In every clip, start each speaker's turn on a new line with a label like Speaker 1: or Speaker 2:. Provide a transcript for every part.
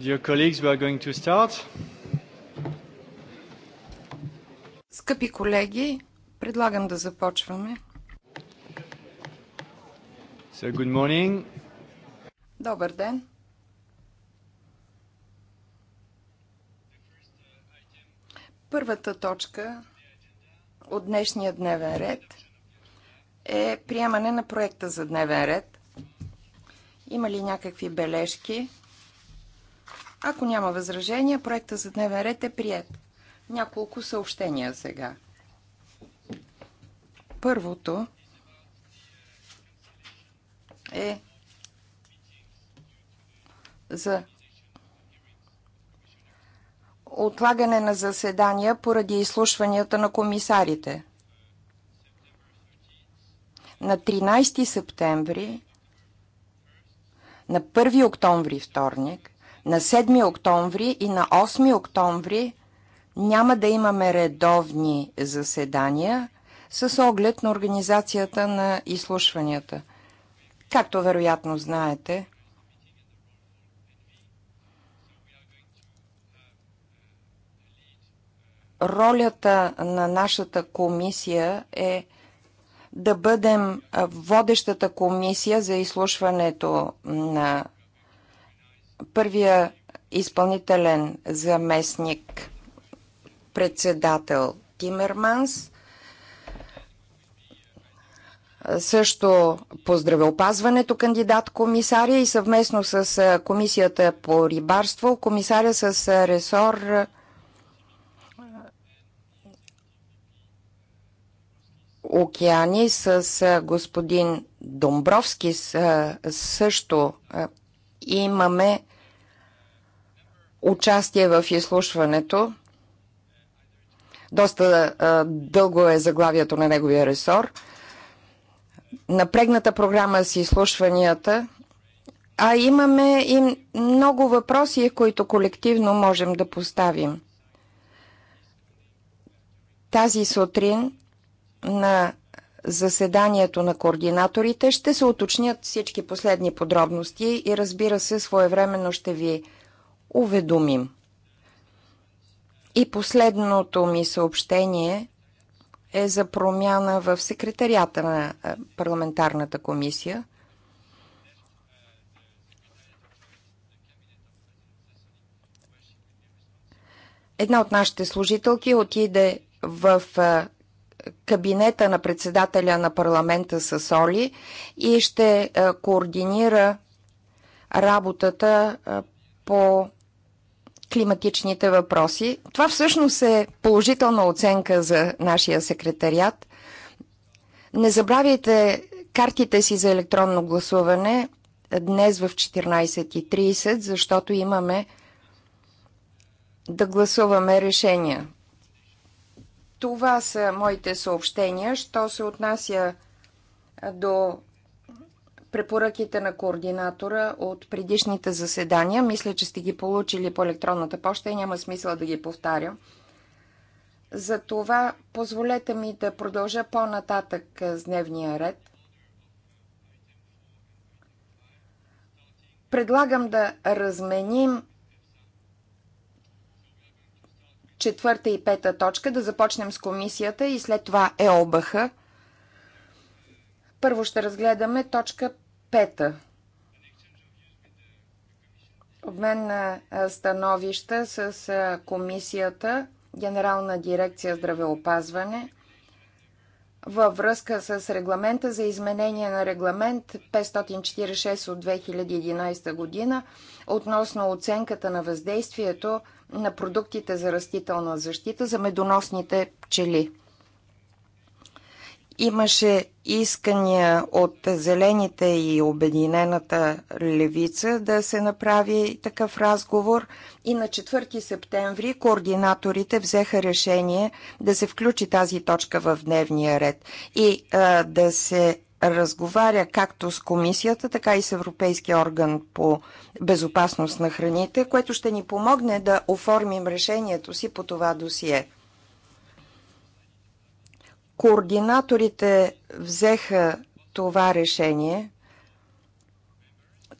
Speaker 1: Dear colleagues, we are going to start.
Speaker 2: Скъпи колеги, предлагам да започваме.
Speaker 1: So, good morning.
Speaker 2: Добър ден. Първата точка от днешния дневен ред е приемане на проекта за дневен ред. Има ли някакви бележки? Ако няма възражения, проекта за дневен ред е прият. Няколко съобщения сега. Първото е за отлагане на заседания поради изслушванията на комисарите. На 13 септември, на 1 октомври вторник, на 7 октомври и на 8 октомври няма да имаме редовни заседания с оглед на организацията на изслушванията. Както вероятно знаете, ролята на нашата комисия е да бъдем водещата комисия за изслушването на Първия изпълнителен заместник председател Тимерманс, също по здравеопазването кандидат комисария и съвместно с Комисията по рибарство, комисаря с ресор океани с господин Домбровски също имаме участие в изслушването. Доста дълго е заглавието на неговия ресор. Напрегната програма с изслушванията. А имаме и много въпроси, които колективно можем да поставим. Тази сутрин на заседанието на координаторите ще се уточнят всички последни подробности и разбира се, своевременно ще ви уведомим. И последното ми съобщение е за промяна в секретарията на парламентарната комисия. Една от нашите служителки отиде в кабинета на председателя на парламента с Оли и ще координира работата по климатичните въпроси. Това всъщност е положителна оценка за нашия секретариат. Не забравяйте картите си за електронно гласуване днес в 14.30, защото имаме да гласуваме решения. Това са моите съобщения. Що се отнася до препоръките на координатора от предишните заседания. Мисля, че сте ги получили по електронната почта и няма смисъл да ги повтарям. Затова позволете ми да продължа по-нататък с дневния ред. Предлагам да разменим четвърта и пета точка, да започнем с комисията и след това ЕОБХ – първо ще разгледаме точка 5. Обмен на становища с комисията, Генерална дирекция здравеопазване, във връзка с регламента за изменение на регламент 546 от 2011 година относно оценката на въздействието на продуктите за растителна защита за медоносните пчели. Имаше искания от Зелените и Обединената левица да се направи такъв разговор и на 4 септември координаторите взеха решение да се включи тази точка в дневния ред и а, да се разговаря както с комисията, така и с Европейския орган по безопасност на храните, което ще ни помогне да оформим решението си по това досие. Координаторите взеха това решение,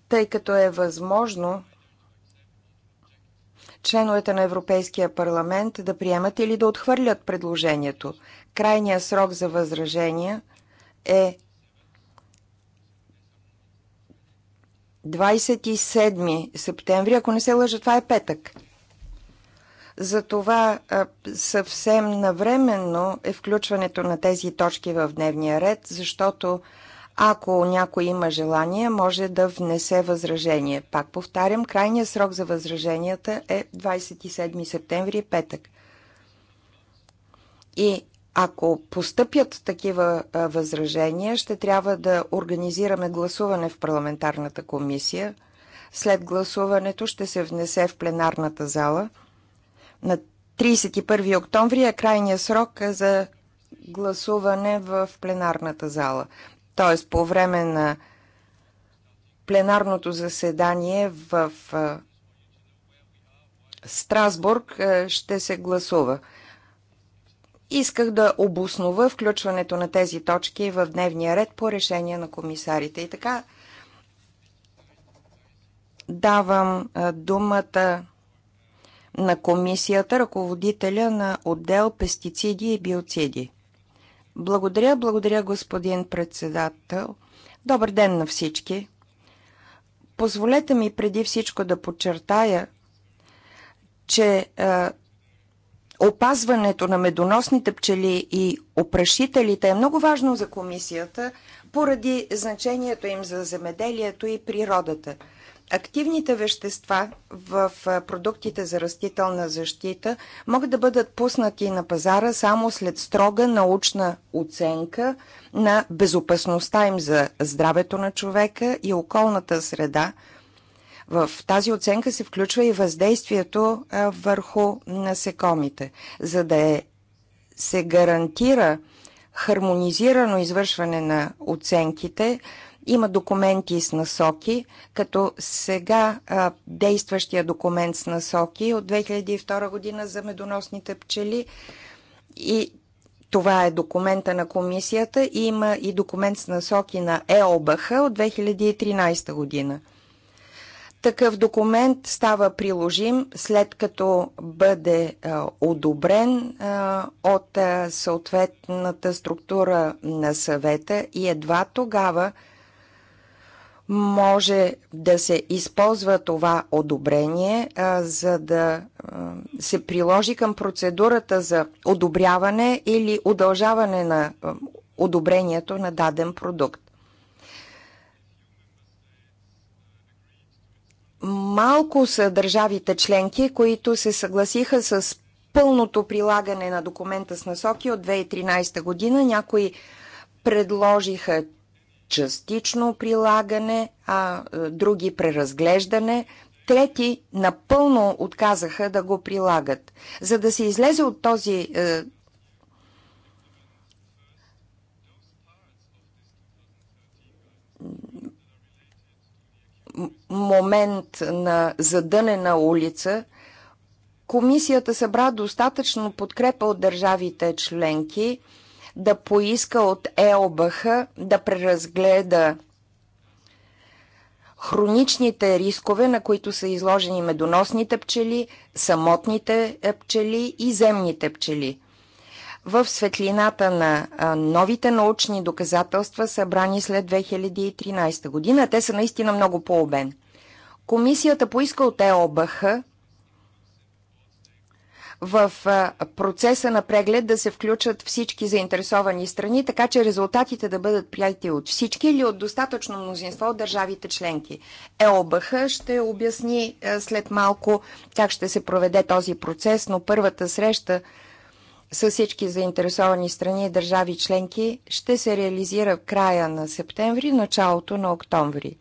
Speaker 2: тъй като е възможно членовете на Европейския парламент да приемат или да отхвърлят предложението. Крайният срок за възражения е 27 септември, ако не се лъжа, това е петък. Затова съвсем навременно е включването на тези точки в дневния ред, защото ако някой има желание, може да внесе възражение. Пак повтарям, крайният срок за възраженията е 27 септември, петък. И ако постъпят такива възражения, ще трябва да организираме гласуване в парламентарната комисия. След гласуването ще се внесе в пленарната зала – на 31 октомври е крайния срок за гласуване в пленарната зала. Тоест по време на пленарното заседание в Страсбург ще се гласува. Исках да обоснова включването на тези точки в дневния ред по решение на комисарите. И така давам думата на комисията, ръководителя на отдел пестициди и биоциди. Благодаря, благодаря господин председател. Добър ден на всички. Позволете ми преди всичко да подчертая, че е, опазването на медоносните пчели и опрашителите е много важно за комисията поради значението им за земеделието и природата – активните вещества в продуктите за растителна защита могат да бъдат пуснати на пазара само след строга научна оценка на безопасността им за здравето на човека и околната среда. В тази оценка се включва и въздействието върху насекомите, за да е, се гарантира хармонизирано извършване на оценките – има документи с насоки, като сега а, действащия документ с насоки от 2002 година за медоносните пчели и това е документа на комисията и има и документ с насоки на ЕОБХ от 2013 година. Такъв документ става приложим след като бъде а, одобрен а, от а, съответната структура на съвета и едва тогава може да се използва това одобрение, а, за да а, се приложи към процедурата за одобряване или удължаване на одобрението на даден продукт. Малко са държавите членки, които се съгласиха с пълното прилагане на документа с насоки от 2013 година. Някои предложиха частично прилагане, а е, други преразглеждане, трети напълно отказаха да го прилагат. За да се излезе от този е, момент на задънена улица, комисията събра достатъчно подкрепа от държавите членки – да поиска от ЕОБХ да преразгледа хроничните рискове, на които са изложени медоносните пчели, самотните е, пчели и земните пчели. В светлината на новите научни доказателства, събрани след 2013 година, те са наистина много по обен Комисията поиска от ЕОБХ в процеса на преглед да се включат всички заинтересовани страни, така че резултатите да бъдат прияти от всички или от достатъчно мнозинство от държавите членки. ЕОБХ ще обясни след малко как ще се проведе този процес, но първата среща с всички заинтересовани страни и държави членки ще се реализира в края на септември, началото на октомври.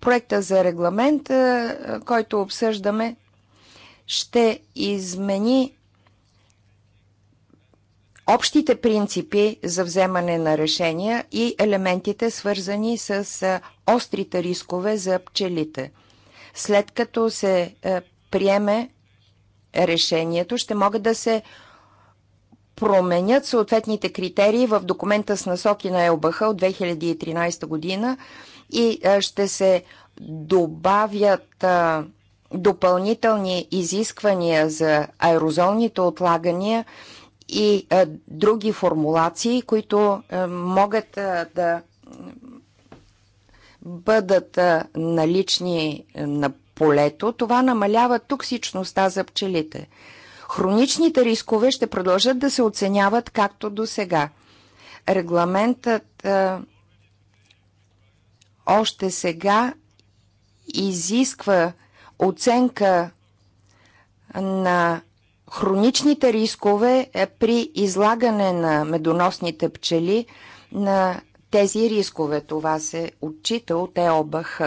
Speaker 2: Проекта за регламент, който обсъждаме, ще измени общите принципи за вземане на решения и елементите свързани с острите рискове за пчелите. След като се приеме решението, ще могат да се променят съответните критерии в документа с насоки на ЕОБХ от 2013 година и ще се добавят допълнителни изисквания за аерозолните отлагания и а, други формулации, които а, могат а, да бъдат а, налични на полето, това намалява токсичността за пчелите. Хроничните рискове ще продължат да се оценяват както до сега. Регламентът а, още сега изисква оценка на хроничните рискове е при излагане на медоносните пчели на тези рискове. Това се отчита от ЕОБХ.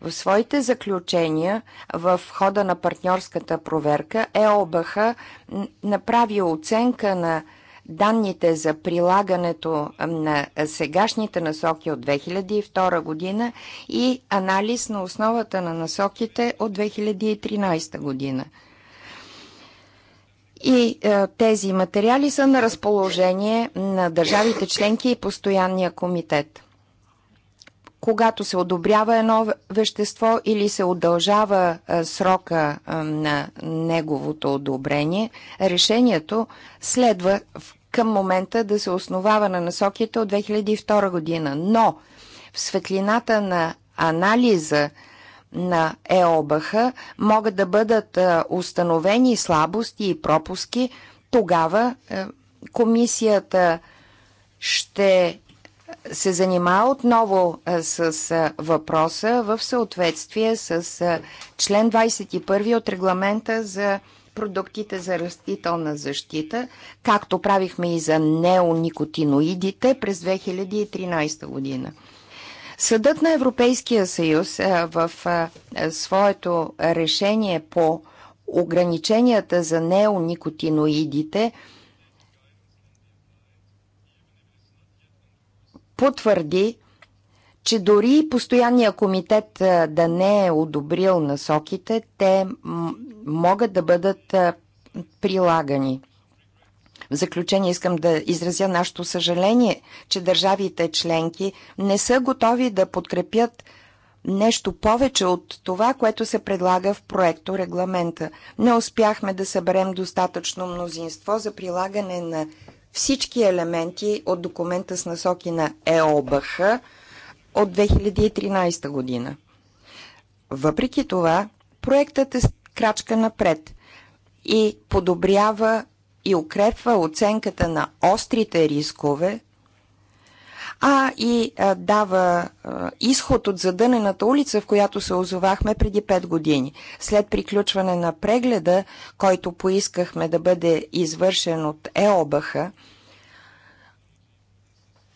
Speaker 2: В своите заключения в хода на партньорската проверка ЕОБХ направи оценка на Данните за прилагането на сегашните насоки от 2002 година и анализ на основата на насоките от 2013 година. И е, тези материали са на разположение на държавите членки и постоянния комитет когато се одобрява едно вещество или се удължава срока на неговото одобрение, решението следва към момента да се основава на насоките от 2002 година. Но в светлината на анализа на ЕОБХ могат да бъдат установени слабости и пропуски, тогава комисията ще се занимава отново с въпроса в съответствие с член 21 от регламента за продуктите за растителна защита, както правихме и за неоникотиноидите през 2013 година. Съдът на Европейския съюз в своето решение по ограниченията за неоникотиноидите – потвърди, че дори постоянния комитет да не е одобрил насоките, те могат да бъдат прилагани. В заключение искам да изразя нашето съжаление, че държавите членки не са готови да подкрепят нещо повече от това, което се предлага в проекто регламента. Не успяхме да съберем достатъчно мнозинство за прилагане на всички елементи от документа с насоки на ЕОБХ от 2013 година. Въпреки това, проектът е крачка напред и подобрява и укрепва оценката на острите рискове а и а, дава а, изход от задънената улица, в която се озовахме преди 5 години. След приключване на прегледа, който поискахме да бъде извършен от ЕОБХ,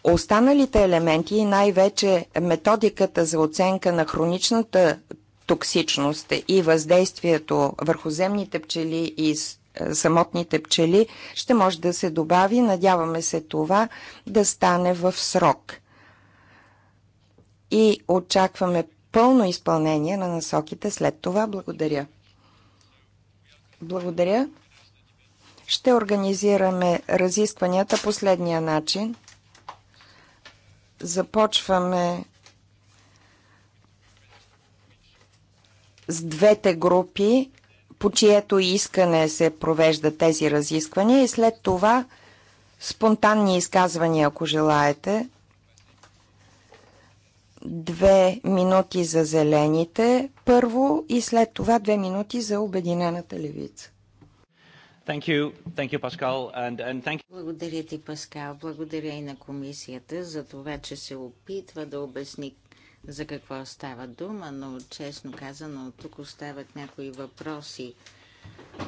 Speaker 2: останалите елементи и най-вече методиката за оценка на хроничната токсичност и въздействието върху земните пчели и самотните пчели, ще може да се добави. Надяваме се това да стане в срок. И очакваме пълно изпълнение на насоките след това. Благодаря. Благодаря. Ще организираме разискванията последния начин. Започваме с двете групи по чието искане се провеждат тези разисквания и след това спонтанни изказвания, ако желаете. Две минути за зелените първо и след това две минути за обединената левица.
Speaker 1: Thank you. Thank you, Pascal. And, and thank you. Благодаря ти, Паскал. Благодаря и на комисията за това, че се опитва да обясни за какво става дума, но честно казано, тук остават някои въпроси.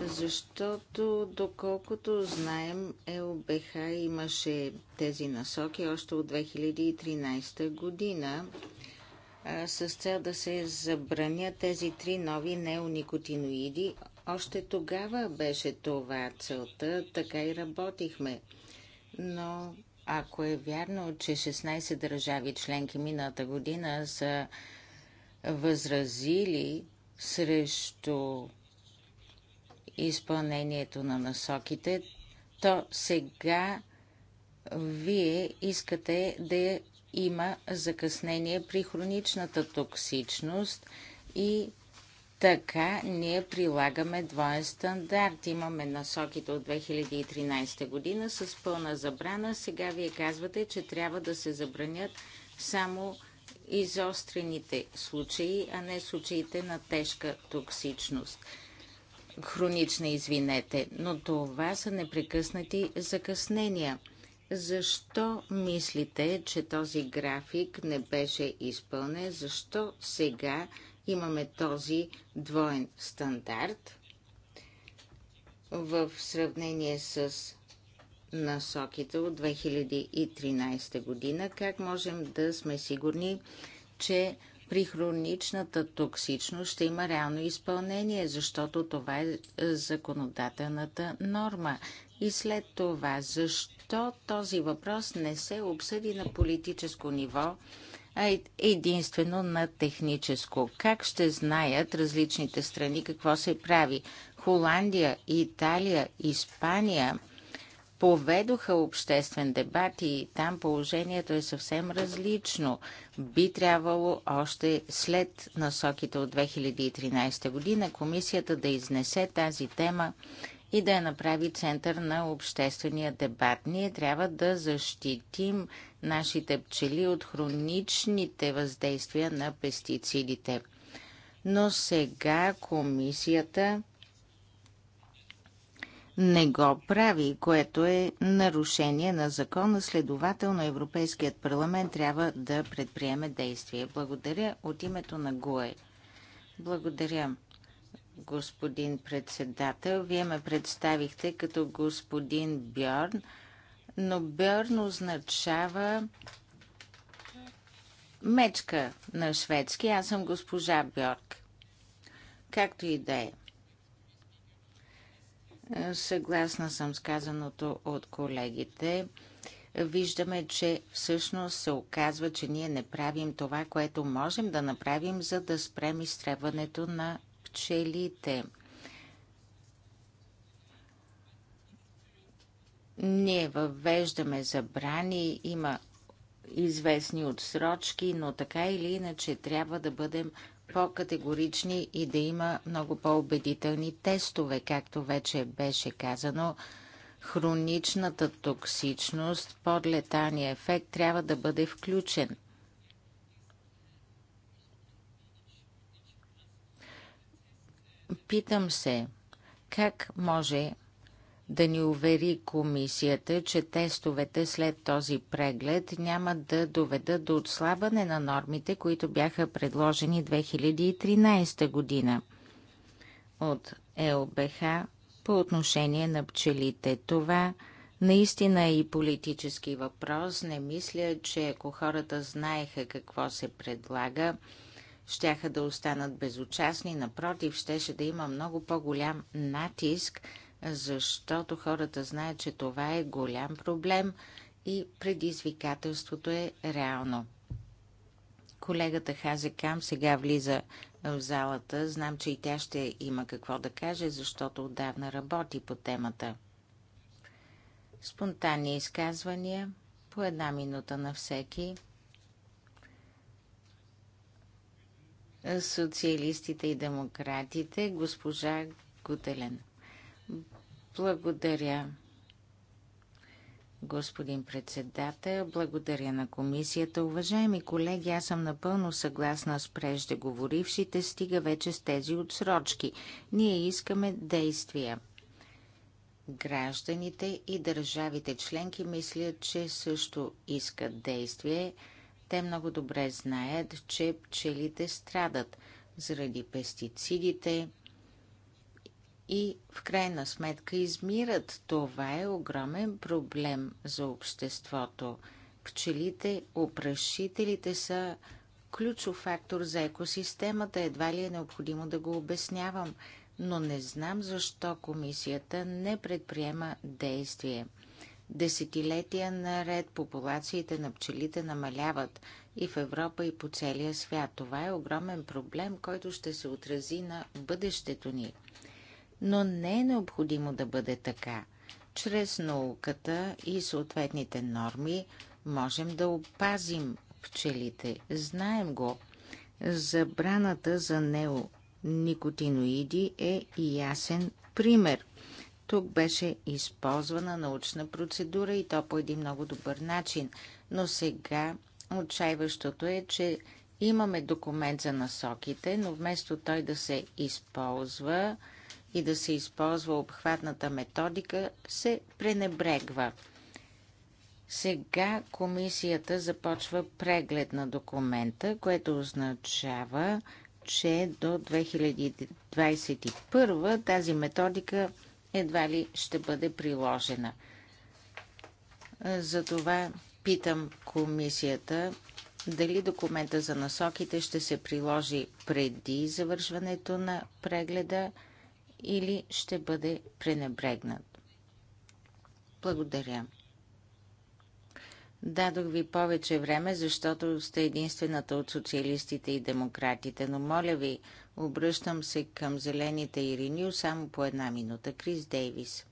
Speaker 1: Защото, доколкото знаем, ЛБХ имаше тези насоки още от 2013 година с цел да се забранят тези три нови неоникотиноиди. Още тогава беше това целта, така и работихме. Но ако е вярно, че 16 държави членки миналата година са възразили срещу изпълнението на насоките, то сега вие искате да има закъснение при хроничната токсичност и така ние прилагаме двоен стандарт. Имаме насоките от 2013 година с пълна забрана. Сега вие казвате, че трябва да се забранят само изострените случаи, а не случаите на тежка токсичност. Хронична, извинете, но това са непрекъснати закъснения. Защо мислите, че този график не беше изпълнен? Защо сега имаме този двоен стандарт в сравнение с насоките от 2013 година, как можем да сме сигурни, че при хроничната токсичност ще има реално изпълнение, защото това е законодателната норма. И след това, защо този въпрос не се обсъди на политическо ниво а единствено на техническо. Как ще знаят различните страни какво се прави? Холандия, Италия, Испания поведоха обществен дебат и там положението е съвсем различно. Би трябвало още след насоките от 2013 година комисията да изнесе тази тема и да я направи център на обществения дебат. Ние трябва да защитим нашите пчели от хроничните въздействия на пестицидите. Но сега комисията не го прави, което е нарушение на закона. Следователно Европейският парламент трябва да предприеме действие. Благодаря от името на ГУЕ. Благодаря господин председател. Вие ме представихте като господин Бьорн, но Бьорн означава мечка на шведски. Аз съм госпожа Бьорк. Както и да е. Съгласна съм с казаното от колегите. Виждаме, че всъщност се оказва, че ние не правим това, което можем да направим, за да спрем изтребването на пчелите. Ние въвеждаме забрани, има известни отсрочки, но така или иначе трябва да бъдем по-категорични и да има много по-убедителни тестове, както вече беше казано. Хроничната токсичност, подлетания ефект трябва да бъде включен – Питам се, как може да ни увери комисията, че тестовете след този преглед няма да доведат до отслабане на нормите, които бяха предложени 2013 година от ЕОБХ по отношение на пчелите. Това наистина е и политически въпрос. Не мисля, че ако хората знаеха какво се предлага, щяха да останат безучастни. Напротив, щеше да има много по-голям натиск, защото хората знаят, че това е голям проблем и предизвикателството е реално. Колегата Хазекам сега влиза в залата. Знам, че и тя ще има какво да каже, защото отдавна работи по темата. Спонтанни изказвания по една минута на всеки. социалистите и демократите, госпожа Гутелен. Благодаря, господин председател. Благодаря на комисията. Уважаеми колеги, аз съм напълно съгласна с преждеговорившите. Стига вече с тези отсрочки. Ние искаме действия. Гражданите и държавите членки мислят, че също искат действие. Те много добре знаят, че пчелите страдат заради пестицидите и в крайна сметка измират. Това е огромен проблем за обществото. Пчелите, опрашителите са ключов фактор за екосистемата. Едва ли е необходимо да го обяснявам, но не знам защо комисията не предприема действие – Десетилетия наред популациите на пчелите намаляват и в Европа, и по целия свят. Това е огромен проблем, който ще се отрази на бъдещето ни. Но не е необходимо да бъде така. Чрез науката и съответните норми можем да опазим пчелите. Знаем го. Забраната за неоникотиноиди е ясен пример – тук беше използвана научна процедура и то по един много добър начин. Но сега отчаиващото е, че имаме документ за насоките, но вместо той да се използва и да се използва обхватната методика, се пренебрегва. Сега комисията започва преглед на документа, което означава, че до 2021 тази методика едва ли ще бъде приложена. Затова питам комисията дали документа за насоките ще се приложи преди завършването на прегледа или ще бъде пренебрегнат. Благодаря. Дадох ви повече време, защото сте единствената от социалистите и демократите, но моля ви, Обръщам се към зелените и само по една минута. Крис Дейвис.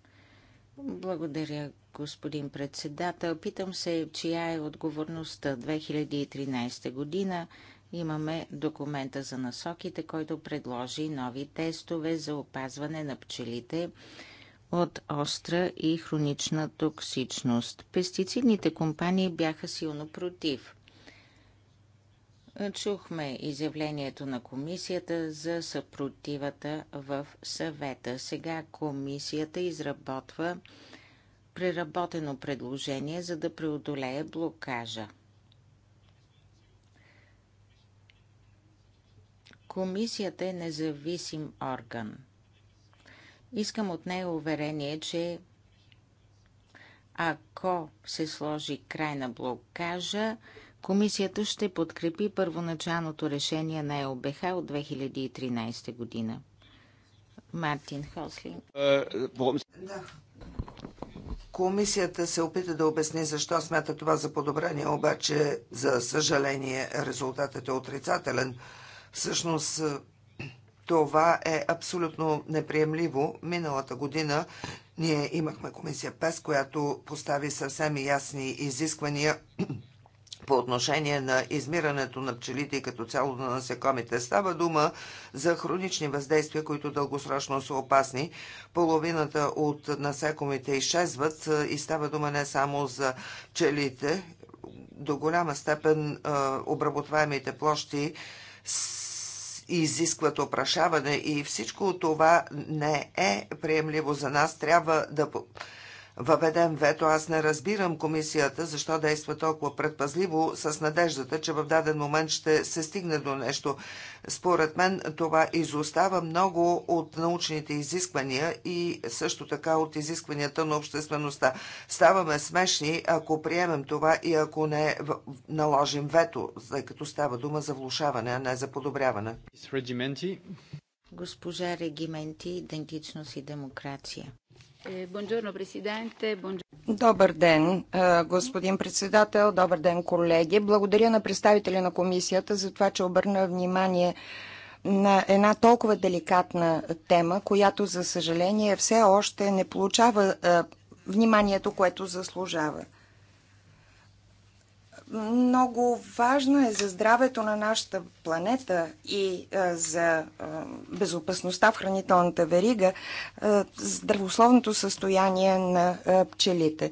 Speaker 1: Благодаря, господин председател. Питам се, чия е отговорността. 2013 година имаме документа за насоките, който предложи нови тестове за опазване на пчелите от остра и хронична токсичност. Пестицидните компании бяха силно против. Чухме изявлението на комисията за съпротивата в съвета. Сега комисията изработва преработено предложение, за да преодолее блокажа. Комисията е независим орган. Искам от нея уверение, че ако се сложи край на блокажа, Комисията ще подкрепи първоначалното решение на ЕОБХ от 2013 година. Мартин Хослин.
Speaker 3: Комисията се опита да обясни защо смята това за подобрение, обаче за съжаление резултатът е отрицателен. Всъщност това е абсолютно неприемливо. Миналата година ние имахме комисия ПЕС, която постави съвсем ясни изисквания по отношение на измирането на пчелите и като цяло на насекомите. Става дума за хронични въздействия, които дългосрочно са опасни. Половината от насекомите изчезват и става дума не само за пчелите. До голяма степен обработваемите площи изискват опрашаване и всичко това не е приемливо за нас. Трябва да въведем вето, аз не разбирам комисията защо действа толкова предпазливо с надеждата, че в даден момент ще се стигне до нещо. Според мен това изостава много от научните изисквания и също така от изискванията на обществеността. Ставаме смешни, ако приемем това и ако не наложим вето, тъй като става дума за влушаване, а не за подобряване.
Speaker 1: Госпожа Регименти, идентичност и демокрация. Eh, добър ден,
Speaker 2: господин председател, добър ден, колеги. Благодаря на представителя на комисията за това, че обърна внимание на една толкова деликатна тема, която, за съжаление, все още не получава вниманието, което заслужава много важно е за здравето на нашата планета и за безопасността в хранителната верига здравословното състояние на пчелите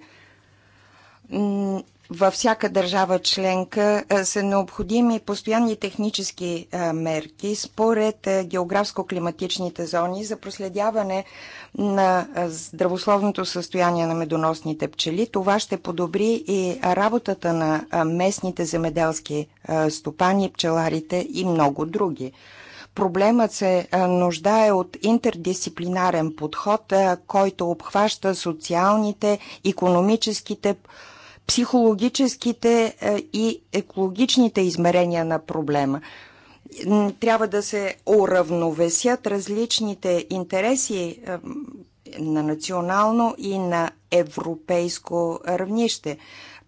Speaker 2: във всяка държава членка е, са необходими постоянни технически е, мерки според е, географско-климатичните зони за проследяване на здравословното състояние на медоносните пчели. Това ще подобри и работата на местните земеделски стопани, пчеларите и много други. Проблемът се нуждае от интердисциплинарен подход, който обхваща социалните, економическите, психологическите е, и екологичните измерения на проблема. Трябва да се уравновесят различните интереси е, на национално и на европейско равнище.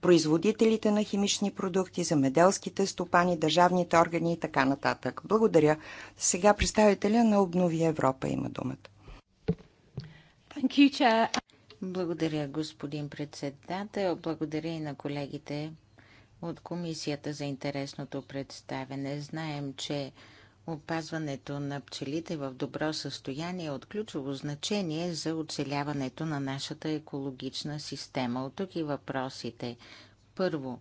Speaker 2: Производителите на химични продукти, замеделските стопани, държавните органи и така нататък. Благодаря. Сега представителя на Обнови Европа има думата.
Speaker 1: Благодаря, господин председател. Благодаря и на колегите от Комисията за интересното представене. Знаем, че опазването на пчелите в добро състояние е от ключово значение за оцеляването на нашата екологична система. От тук и въпросите. Първо,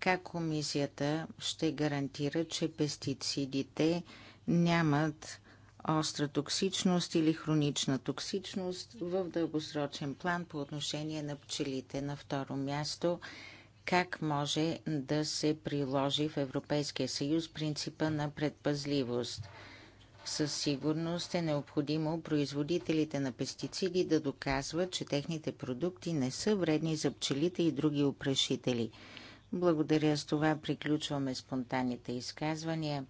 Speaker 1: как комисията ще гарантира, че пестицидите нямат остра токсичност или хронична токсичност в дългосрочен план по отношение на пчелите. На второ място, как може да се приложи в Европейския съюз принципа на предпазливост. Със сигурност е необходимо производителите на пестициди да доказват, че техните продукти не са вредни за пчелите и други опрашители. Благодаря с това приключваме спонтанните изказвания.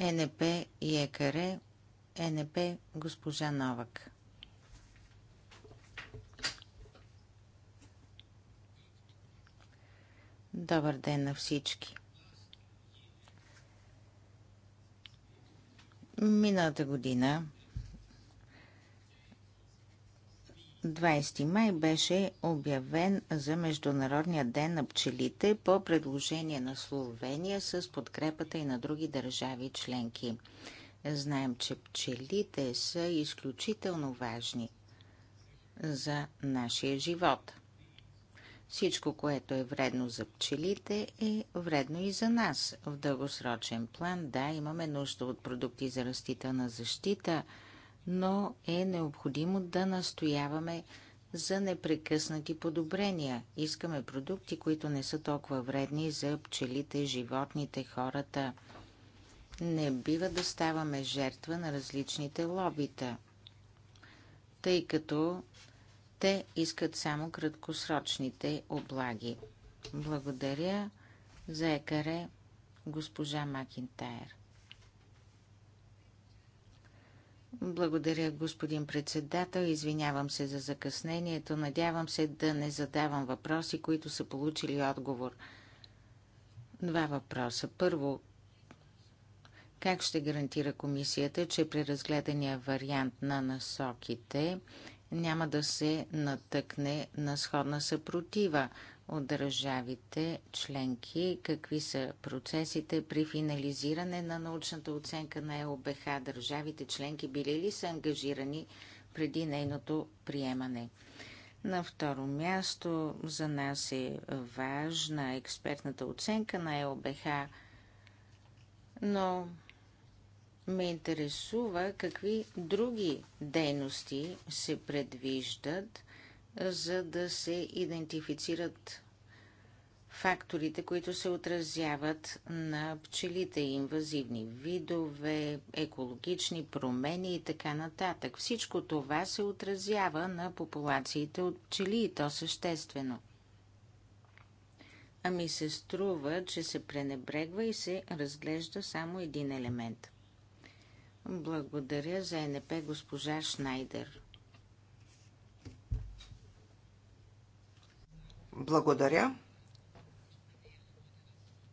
Speaker 1: Е НП и ЕКР, е НП госпожа Новак. Добър ден на всички! Миналата година 20 май беше обявен за Международния ден на пчелите по предложение на Словения с подкрепата и на други държави членки. Знаем, че пчелите са изключително важни за нашия живот. Всичко, което е вредно за пчелите, е вредно и за нас. В дългосрочен план, да, имаме нужда от продукти за растителна защита – но е необходимо да настояваме за непрекъснати подобрения. Искаме продукти, които не са толкова вредни за пчелите, животните, хората. Не бива да ставаме жертва на различните лобита, тъй като те искат само краткосрочните облаги. Благодаря за екаре госпожа Макинтайр. Благодаря, господин председател. Извинявам се за закъснението. Надявам се да не задавам въпроси, които са получили отговор. Два въпроса. Първо, как ще гарантира комисията, че при разгледания вариант на насоките няма да се натъкне на сходна съпротива от държавите членки, какви са процесите при финализиране на научната оценка на ЕОБХ, държавите членки били ли са ангажирани преди нейното приемане. На второ място за нас е важна експертната оценка на ЕОБХ, но ме интересува какви други дейности се предвиждат – за да се идентифицират факторите, които се отразяват на пчелите, инвазивни видове, екологични промени и така нататък. Всичко това се отразява на популациите от пчели и то съществено. Ами се струва, че се пренебрегва и се разглежда само един елемент. Благодаря за НП госпожа Шнайдер.
Speaker 3: Благодаря.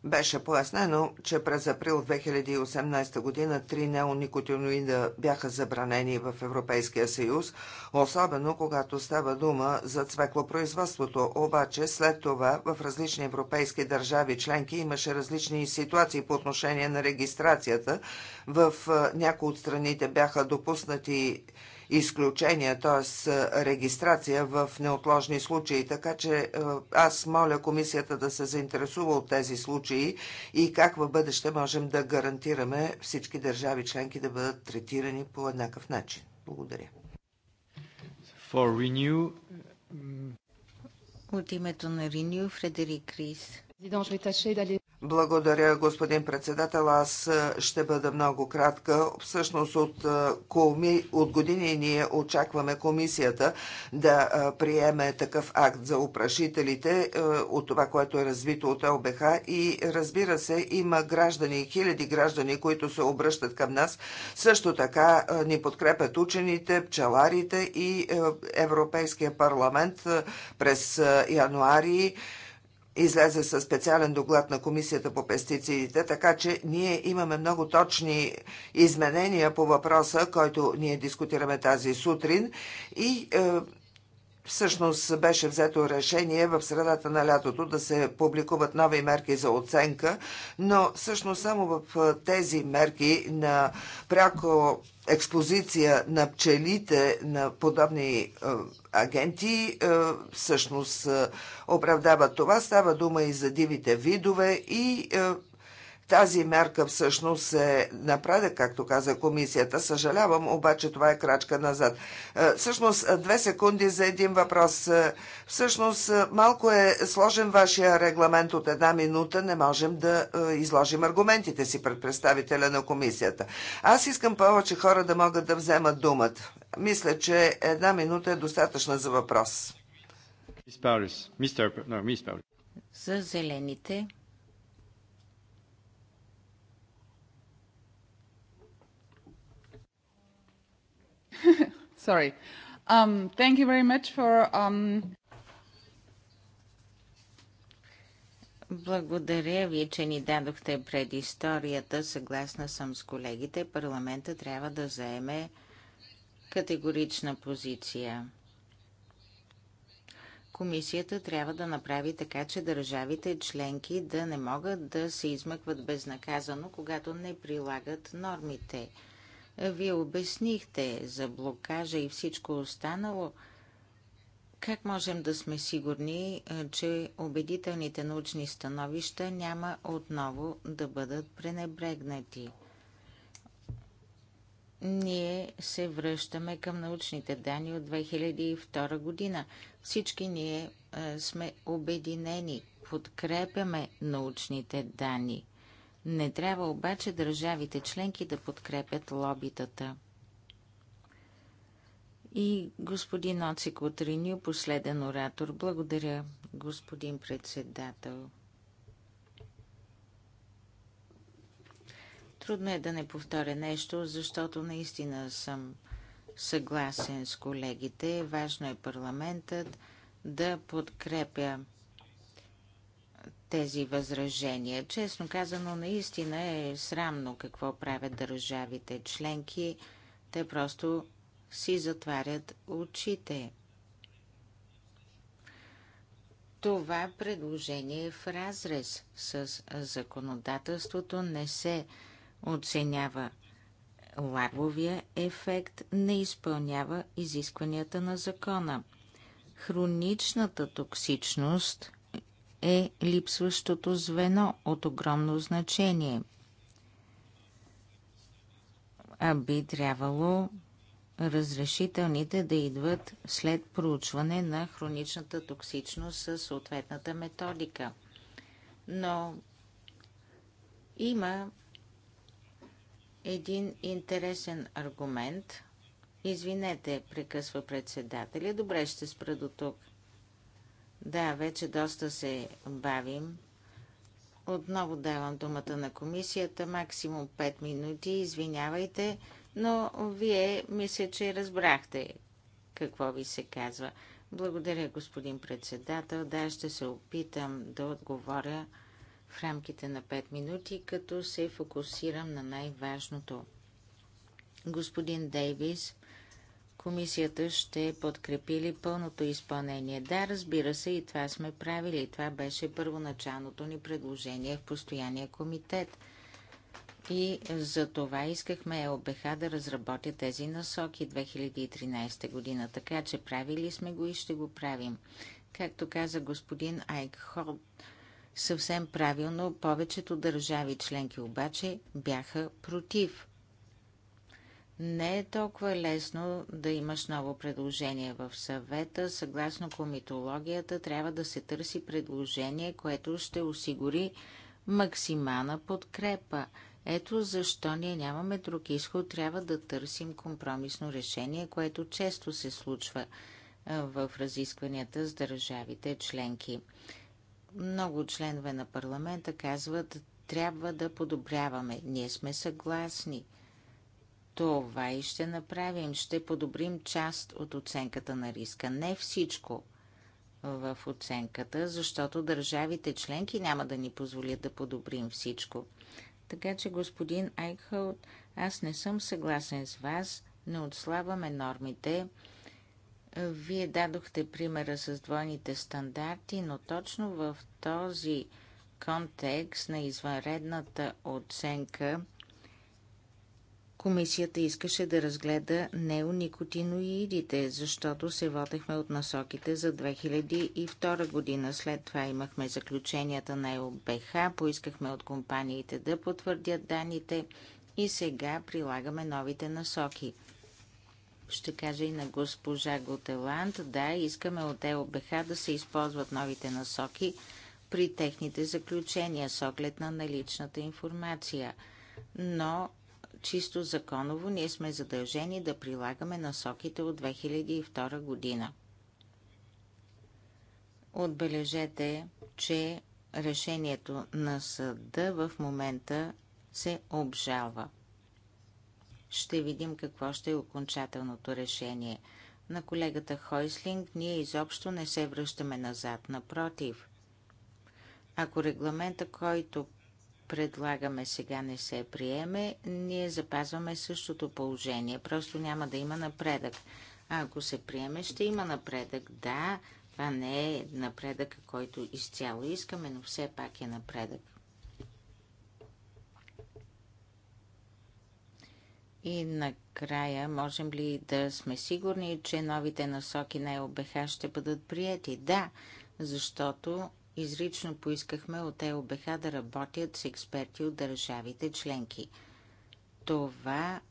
Speaker 3: Беше пояснено, че през април 2018 година три неоникотиноида бяха забранени в Европейския съюз, особено когато става дума за цвеклопроизводството. Обаче след това в различни европейски държави членки имаше различни ситуации по отношение на регистрацията. В някои от страните бяха допуснати изключения, т.е. регистрация в неотложни случаи. Така че е, аз моля комисията да се заинтересува от тези случаи и как в бъдеще можем да гарантираме всички държави членки да бъдат третирани по еднакъв начин. Благодаря. For renew...
Speaker 1: От името на Renew Фредерик Крис.
Speaker 3: Благодаря, господин председател. Аз е, ще бъда много кратка. Всъщност от, е, коми, от години ние очакваме комисията да е, приеме такъв акт за упрашителите от това, което е развито от ЛБХ. И разбира се, има граждани, хиляди граждани, които се обръщат към нас. Също така ни подкрепят учените, пчеларите и Европейския парламент през януари излезе със специален доклад на Комисията по пестицидите, така че ние имаме много точни изменения по въпроса, който ние дискутираме тази сутрин и е, Всъщност беше взето решение в средата на лятото да се публикуват нови мерки за оценка, но всъщност само в тези мерки на пряко експозиция на пчелите на подобни агенти всъщност оправдават това. Става дума и за дивите видове и тази мерка всъщност се направи, както каза комисията. Съжалявам, обаче това е крачка назад. Е, всъщност, е, две секунди за един въпрос. Е, всъщност, малко е сложен вашия регламент от една минута. Не можем да изложим аргументите си пред представителя на комисията. Аз искам повече хора да могат да вземат думата. Мисля, че една минута е достатъчна за въпрос.
Speaker 1: За зелените Sorry. Um, thank
Speaker 2: you very much for... Um...
Speaker 1: Благодаря ви, че ни дадохте предисторията. Съгласна съм с колегите. Парламента трябва да заеме категорична позиция. Комисията трябва да направи така, че държавите членки да не могат да се измъкват безнаказано, когато не прилагат нормите. Вие обяснихте за блокажа и всичко останало. Как можем да сме сигурни, е, че убедителните научни становища няма отново да бъдат пренебрегнати? Ние се връщаме към научните данни от 2002 година. Всички ние е, сме обединени, подкрепяме научните данни. Не трябва обаче държавите членки да подкрепят лобитата. И господин Оцик от Риню, последен оратор. Благодаря, господин председател. Трудно е да не повторя нещо, защото наистина съм съгласен с колегите. Важно е парламентът да подкрепя тези възражения. Честно казано, наистина е срамно какво правят държавите членки. Те просто си затварят очите. Това предложение е в разрез с законодателството. Не се оценява лавовия ефект, не изпълнява изискванията на закона. Хроничната токсичност е липсващото звено от огромно значение. А би трябвало разрешителните да идват след проучване на хроничната токсичност със съответната методика. Но има един интересен аргумент. Извинете, прекъсва председателя. Добре, ще спра до тук. Да, вече доста се бавим. Отново давам думата на комисията, максимум 5 минути, извинявайте, но вие мисля, че разбрахте какво ви се казва. Благодаря, господин председател. Да, ще се опитам да отговоря в рамките на 5 минути, като се фокусирам на най-важното. Господин Дейвис комисията ще подкрепи ли пълното изпълнение? Да, разбира се, и това сме правили. Това беше първоначалното ни предложение в постоянния комитет. И за това искахме ЕОБХ да разработя тези насоки 2013 година. Така че правили сме го и ще го правим. Както каза господин Айкхолд, съвсем правилно повечето държави членки обаче бяха против не е толкова лесно да имаш ново предложение в съвета. Съгласно комитологията трябва да се търси предложение, което ще осигури максимална подкрепа. Ето защо ние нямаме друг изход. Трябва да търсим компромисно решение, което често се случва в разискванията с държавите членки. Много членове на парламента казват, трябва да подобряваме. Ние сме съгласни – това и ще направим. Ще подобрим част от оценката на риска. Не всичко в оценката, защото държавите членки няма да ни позволят да подобрим всичко. Така че, господин Айкхаут, аз не съм съгласен с вас, не отслабваме нормите. Вие дадохте примера с двойните стандарти, но точно в този контекст на извънредната оценка – Комисията искаше да разгледа неоникотиноидите, защото се водехме от насоките за 2002 година. След това имахме заключенията на ЕОБХ, поискахме от компаниите да потвърдят данните и сега прилагаме новите насоки. Ще кажа и на госпожа Готеланд, да, искаме от ЕОБХ да се използват новите насоки при техните заключения с оглед на наличната информация. Но чисто законово ние сме задължени да прилагаме насоките от 2002 година. Отбележете, че решението на съда в момента се обжалва. Ще видим какво ще е окончателното решение. На колегата Хойслинг ние изобщо не се връщаме назад, напротив. Ако регламента, който предлагаме сега не се приеме, ние запазваме същото положение. Просто няма да има напредък. А ако се приеме, ще има напредък. Да, това не е напредък, който изцяло искаме, но все пак е напредък. И накрая, можем ли да сме сигурни, че новите насоки на ЛБХ ще бъдат прияти? Да, защото изрично поискахме от ЕОБХ да работят с експерти от държавите членки. Това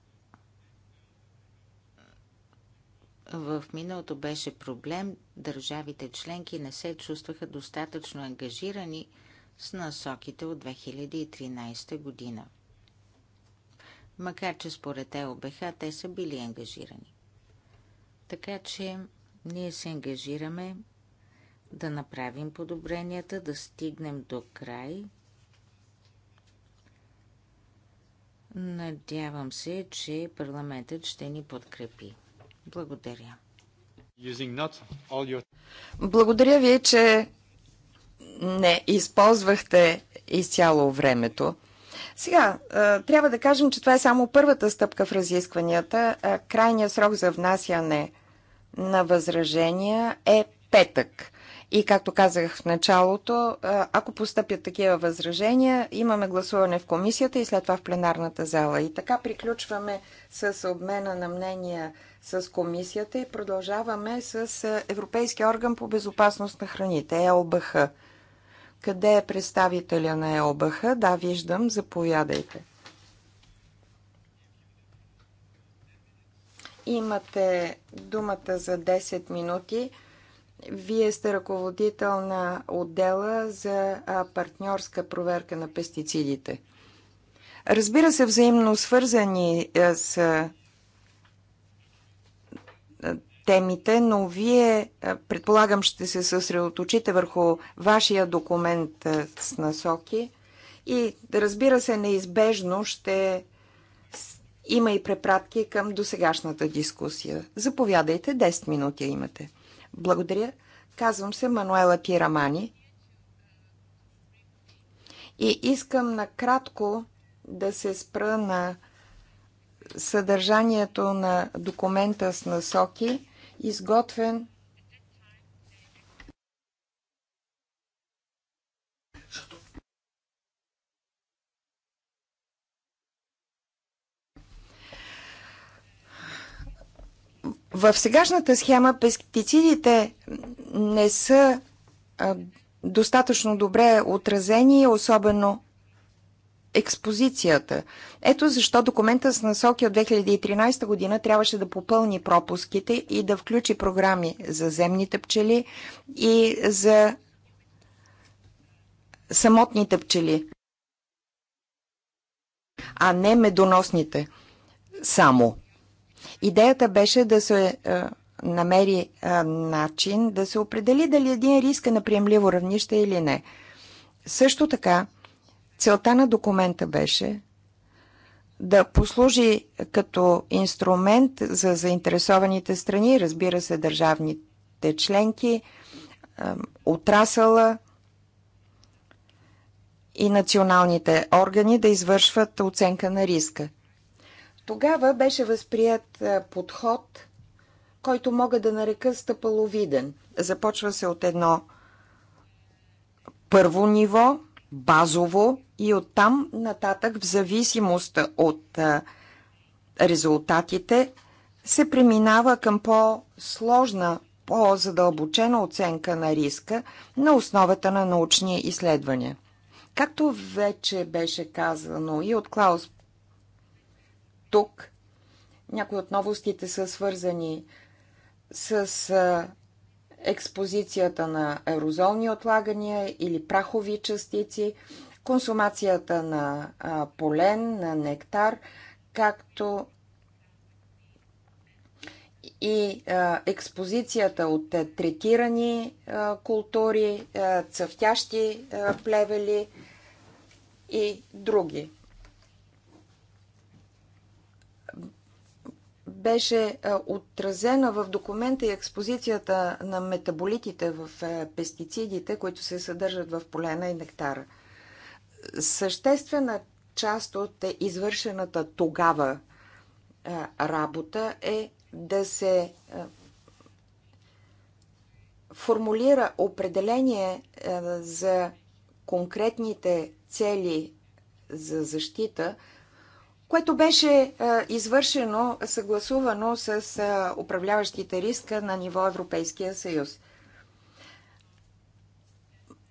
Speaker 1: в миналото беше проблем. Държавите членки не се чувстваха достатъчно ангажирани с насоките от 2013 година. Макар, че според ЕОБХ те са били ангажирани. Така че ние се ангажираме да направим подобренията, да стигнем до край. Надявам се, че парламентът ще ни подкрепи. Благодаря.
Speaker 2: Благодаря ви, че не използвахте изцяло времето. Сега, трябва да кажем, че това е само първата стъпка в разискванията. Крайният срок за внасяне на възражения е петък. И както казах в началото, ако постъпят такива възражения, имаме гласуване в комисията и след това в пленарната зала. И така приключваме с обмена на мнения с комисията и продължаваме с Европейския орган по безопасност на храните, ЕЛБХ. Къде е представителя на ЕЛБХ? Да, виждам, заповядайте. Имате думата за 10 минути. Вие сте ръководител на отдела за партньорска проверка на пестицидите. Разбира се, взаимно свързани с темите, но вие, предполагам, ще се съсредоточите върху вашия документ с насоки и, разбира се, неизбежно ще има и препратки към досегашната дискусия. Заповядайте, 10 минути имате. Благодаря. Казвам се Мануела Тирамани и искам накратко да се спра на съдържанието на документа с насоки, изготвен В сегашната схема пестицидите не са а, достатъчно добре отразени, особено експозицията. Ето защо документа с насоки от 2013 година трябваше да попълни пропуските и да включи програми за земните пчели и за самотните пчели, а не медоносните само. Идеята беше да се е, намери е, начин да се определи дали един риск е на приемливо равнище или не. Също така, целта на документа беше да послужи като инструмент за заинтересованите страни, разбира се, държавните членки, е, отрасъла и националните органи да извършват оценка на риска. Тогава беше възприят подход, който мога да нарека стъпаловиден. Започва се от едно първо ниво, базово и оттам нататък в зависимост от резултатите се преминава към по-сложна, по-задълбочена оценка на риска на основата на научни изследвания. Както вече беше казано и от Клаус тук. Някои от новостите са свързани с експозицията на аерозолни отлагания или прахови частици, консумацията на полен, на нектар, както и експозицията от третирани култури, цъфтящи плевели и други. беше отразена в документа и експозицията на метаболитите в пестицидите, които се съдържат в полена и нектара. Съществена част от е извършената тогава работа е да се формулира определение за конкретните цели за защита, което беше е, извършено съгласувано с е, управляващите риска на ниво Европейския съюз.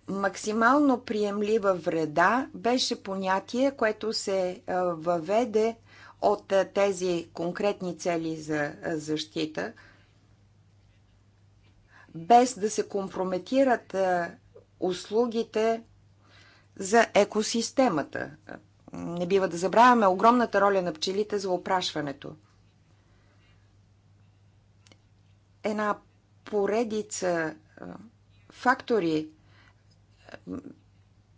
Speaker 2: Максимално приемлива вреда беше понятие, което се е, въведе от тези конкретни цели за защита, без да се компрометират услугите за екосистемата. Не бива да забравяме огромната роля на пчелите за опрашването. Една поредица фактори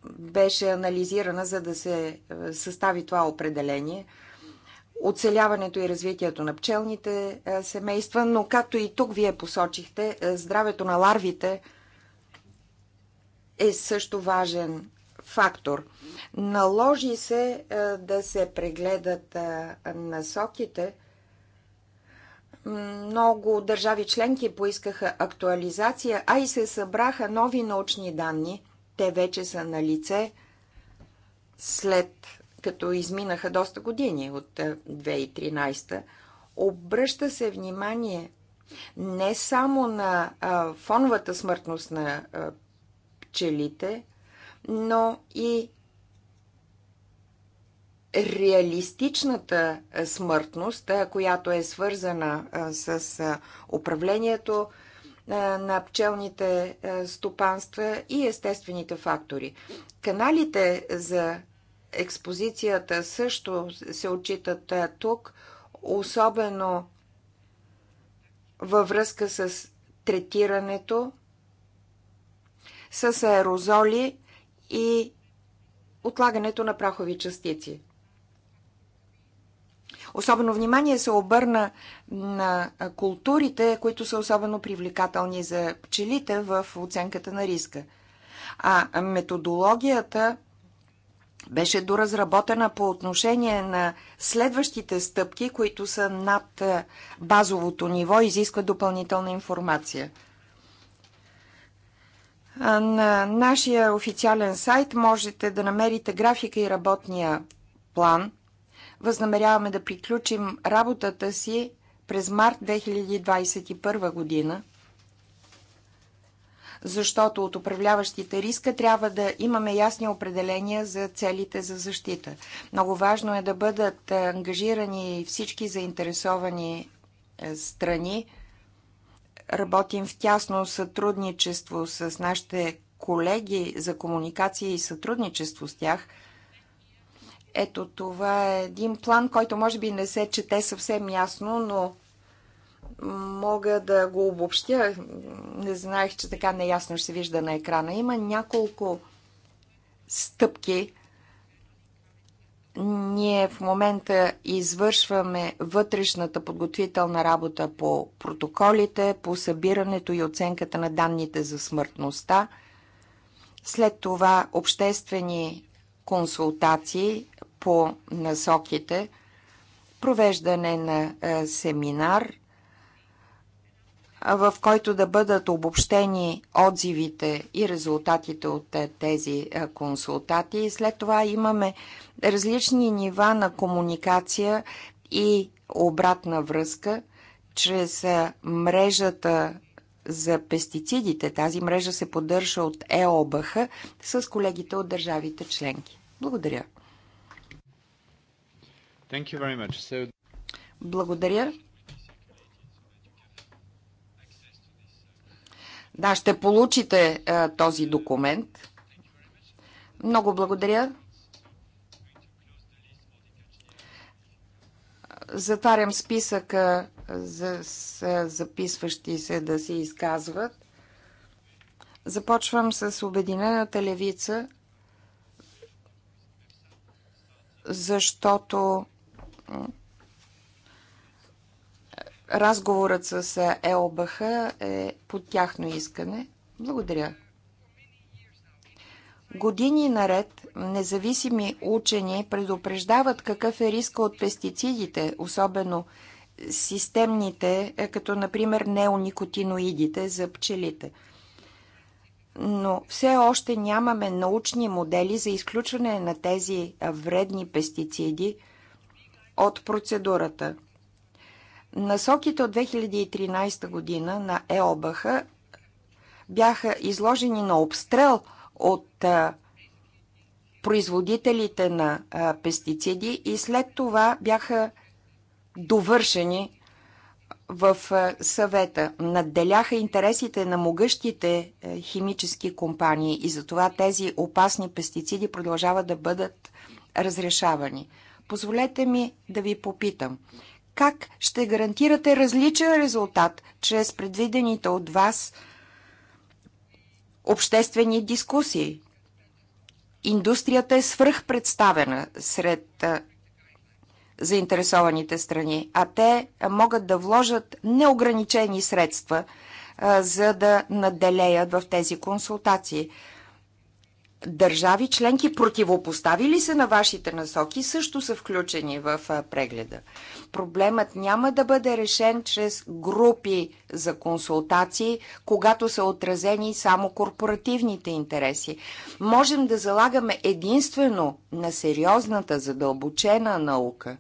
Speaker 2: беше анализирана, за да се състави това определение. Оцеляването и развитието на пчелните семейства, но както и тук вие посочихте, здравето на ларвите е също важен фактор. Наложи се е, да се прегледат е, насоките. Много държави членки поискаха актуализация, а и се събраха нови научни данни. Те вече са на лице след като изминаха доста години от 2013. Е, Обръща се внимание не само на фоновата смъртност на пчелите, но и реалистичната смъртност, която е свързана с управлението на пчелните стопанства и естествените фактори. Каналите за експозицията също се отчитат тук, особено във връзка с третирането с аерозоли и отлагането на прахови частици. Особено внимание се обърна на културите, които са особено привлекателни за пчелите в оценката на риска. А методологията беше доразработена по отношение на следващите стъпки, които са над базовото ниво и изискват допълнителна информация – на нашия официален сайт можете да намерите графика и работния план. Възнамеряваме да приключим работата си през март 2021 година, защото от управляващите риска трябва да имаме ясни определения за целите за защита. Много важно е да бъдат ангажирани всички заинтересовани страни – Работим в тясно сътрудничество с нашите колеги за комуникация и сътрудничество с тях. Ето това е един план, който може би не се чете съвсем ясно, но мога да го обобщя. Не знаех, че така неясно ще се вижда на екрана. Има няколко стъпки, ние в момента извършваме вътрешната подготвителна работа по протоколите, по събирането и оценката на данните за смъртността. След това обществени консултации по насоките, провеждане на семинар – в който да бъдат обобщени отзивите и резултатите от тези е, консултати. След това имаме различни нива на комуникация и обратна връзка чрез е, мрежата за пестицидите. Тази мрежа се поддържа от ЕОБХ с колегите от държавите членки. Благодаря. Благодаря. Да, ще получите а, е, този документ. Много благодаря. Затварям списъка за записващи се да се изказват. Започвам с Обединената левица, защото Разговорът с ЕОБХ е под тяхно искане. Благодаря. Години наред независими учени предупреждават какъв е риска от пестицидите, особено системните, е, като например неоникотиноидите за пчелите. Но все още нямаме научни модели за изключване на тези вредни пестициди от процедурата. Насоките от 2013 година на ЕОБХ бяха изложени на обстрел от производителите на пестициди и след това бяха довършени в съвета. Надделяха интересите на могъщите химически компании и затова тези опасни пестициди продължават да бъдат разрешавани. Позволете ми да ви попитам. Как ще гарантирате различен резултат чрез предвидените от вас обществени дискусии? Индустрията е свръхпредставена сред заинтересованите страни, а те могат да вложат неограничени средства, за да наделеят в тези консултации държави членки, противопоставили се на вашите насоки, също са включени в прегледа. Проблемът няма да бъде решен чрез групи за консултации, когато са отразени само корпоративните интереси. Можем да залагаме единствено на сериозната, задълбочена наука,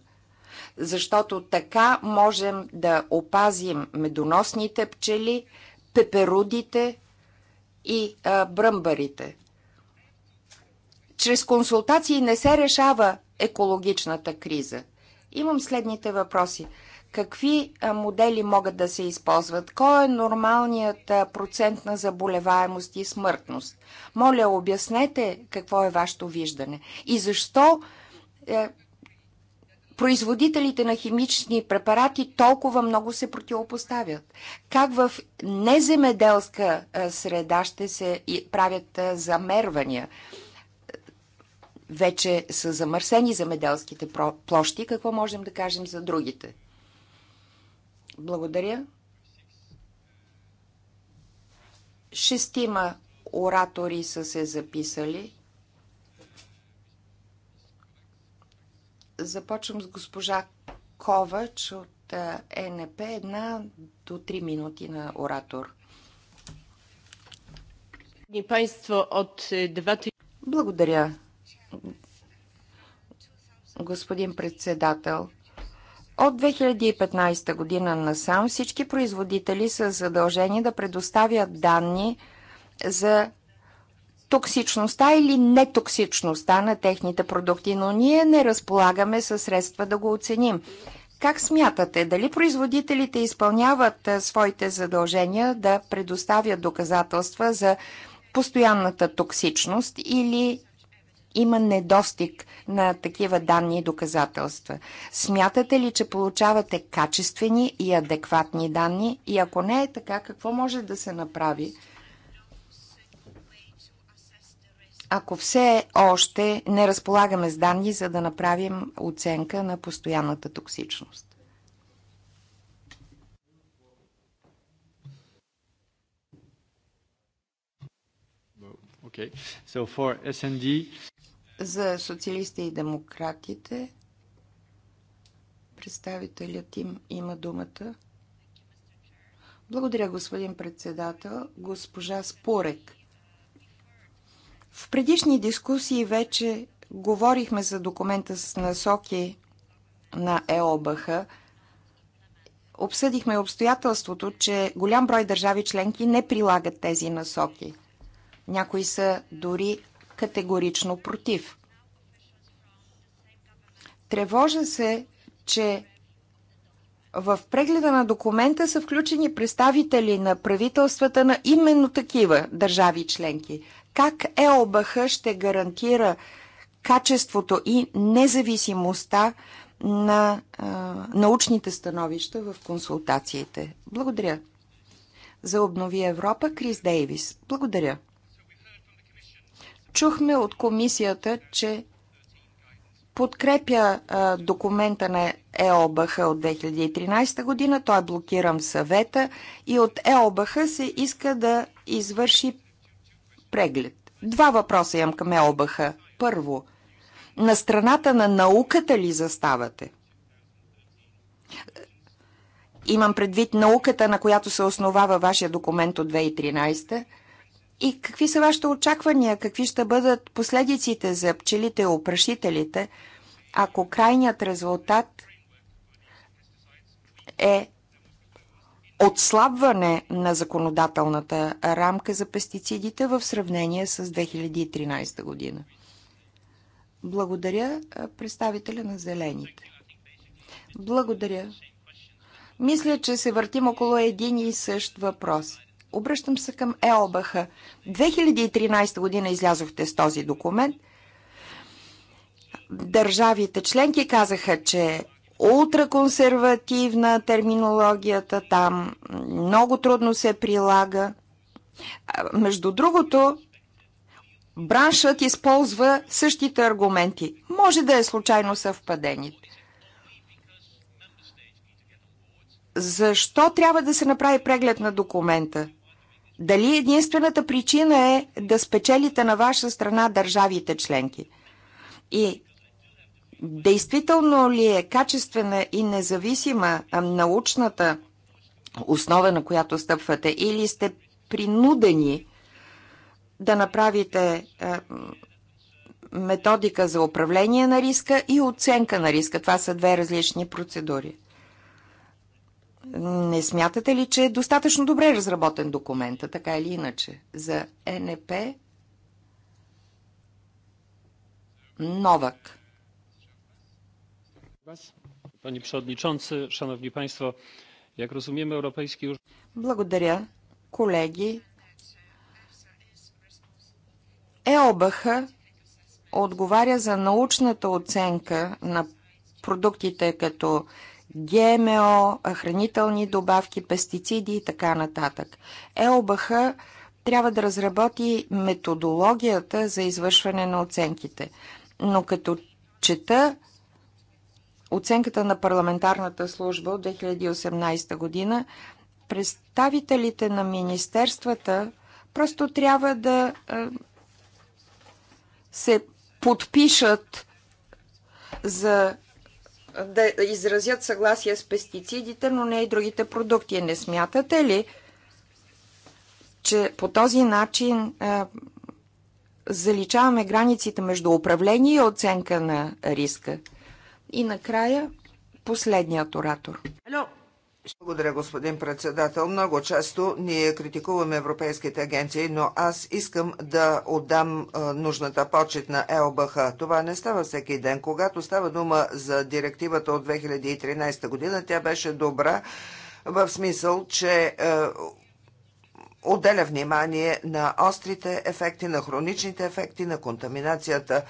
Speaker 2: защото така можем да опазим медоносните пчели, пеперудите и а, бръмбарите чрез консултации не се решава екологичната криза. Имам следните въпроси. Какви модели могат да се използват? Кой е нормалният процент на заболеваемост и смъртност? Моля, обяснете какво е вашето виждане и защо е, производителите на химични препарати толкова много се противопоставят. Как в неземеделска среда ще се правят замервания? вече са замърсени меделските площи. Какво можем да кажем за другите? Благодаря. Шестима оратори са се записали. Започвам с госпожа Ковач от ЕНП. Е. Една до три минути на оратор. Благодаря, господин председател. От 2015 година насам всички производители са задължени да предоставят данни за токсичността или нетоксичността на техните продукти, но ние не разполагаме със средства да го оценим. Как смятате, дали производителите изпълняват своите задължения да предоставят доказателства за постоянната токсичност или има недостиг на такива данни и доказателства. Смятате ли, че получавате качествени и адекватни данни? И ако не е така, какво може да се направи? ако все още не разполагаме с данни, за да направим оценка на постоянната токсичност.
Speaker 1: Okay. So for SND...
Speaker 2: За социалистите и демократите представителят им има думата. Благодаря, господин председател. Госпожа Спорек. В предишни дискусии вече говорихме за документа с насоки на ЕОБХ. Обсъдихме обстоятелството, че голям брой държави членки не прилагат тези насоки. Някои са дори категорично против. Тревожа се, че в прегледа на документа са включени представители на правителствата на именно такива държави членки. Как ЕОБХ ще гарантира качеството и независимостта на а, научните становища в консултациите? Благодаря. За Обнови Европа Крис Дейвис. Благодаря. Чухме от комисията, че подкрепя а, документа на ЕОБХ от 2013 година. Той е блокиран в съвета и от ЕОБХ се иска да извърши преглед. Два въпроса имам към ЕОБХ. Първо, на страната на науката ли заставате? Имам предвид науката, на която се основава вашия документ от 2013 и какви са вашите очаквания? Какви ще бъдат последиците за пчелите и опрашителите, ако крайният резултат е отслабване на законодателната рамка за пестицидите в сравнение с 2013 година? Благодаря представителя на Зелените. Благодаря. Мисля, че се въртим около един и същ въпрос – Обръщам се към ЕОБХ. 2013 година излязохте с този документ. Държавите членки казаха, че ултраконсервативна терминологията там много трудно се прилага. Между другото, браншът използва същите аргументи. Може да е случайно съвпадение. Защо трябва да се направи преглед на документа? Дали единствената причина е да спечелите на ваша страна държавите членки? И действително ли е качествена и независима научната основа, на която стъпвате, или сте принудени да направите методика за управление на риска и оценка на риска? Това са две различни процедури. Не смятате ли, че е достатъчно добре разработен документа, така или иначе? За НП Новак.
Speaker 3: Panie Przewodniczący, Szanowni Państwo, jak rozumiemy europejski...
Speaker 2: Благодаря, колеги. ЕОБХ отговаря за научната оценка на продуктите като ГМО, хранителни добавки, пестициди и така нататък. ЕОБХ трябва да разработи методологията за извършване на оценките. Но като чета оценката на парламентарната служба от 2018 година, представителите на министерствата просто трябва да се подпишат за да изразят съгласие с пестицидите, но не и другите продукти. Не смятате ли, че по този начин а, заличаваме границите между управление и оценка на риска? И накрая последният
Speaker 3: оратор. Алло, благодаря, господин председател. Много често ние критикуваме европейските агенции, но аз искам да отдам нужната почет на ЕОБХ. Това не става всеки ден. Когато става дума за директивата от 2013 година, тя беше добра в смисъл, че отделя внимание на острите ефекти, на хроничните ефекти, на контаминацията.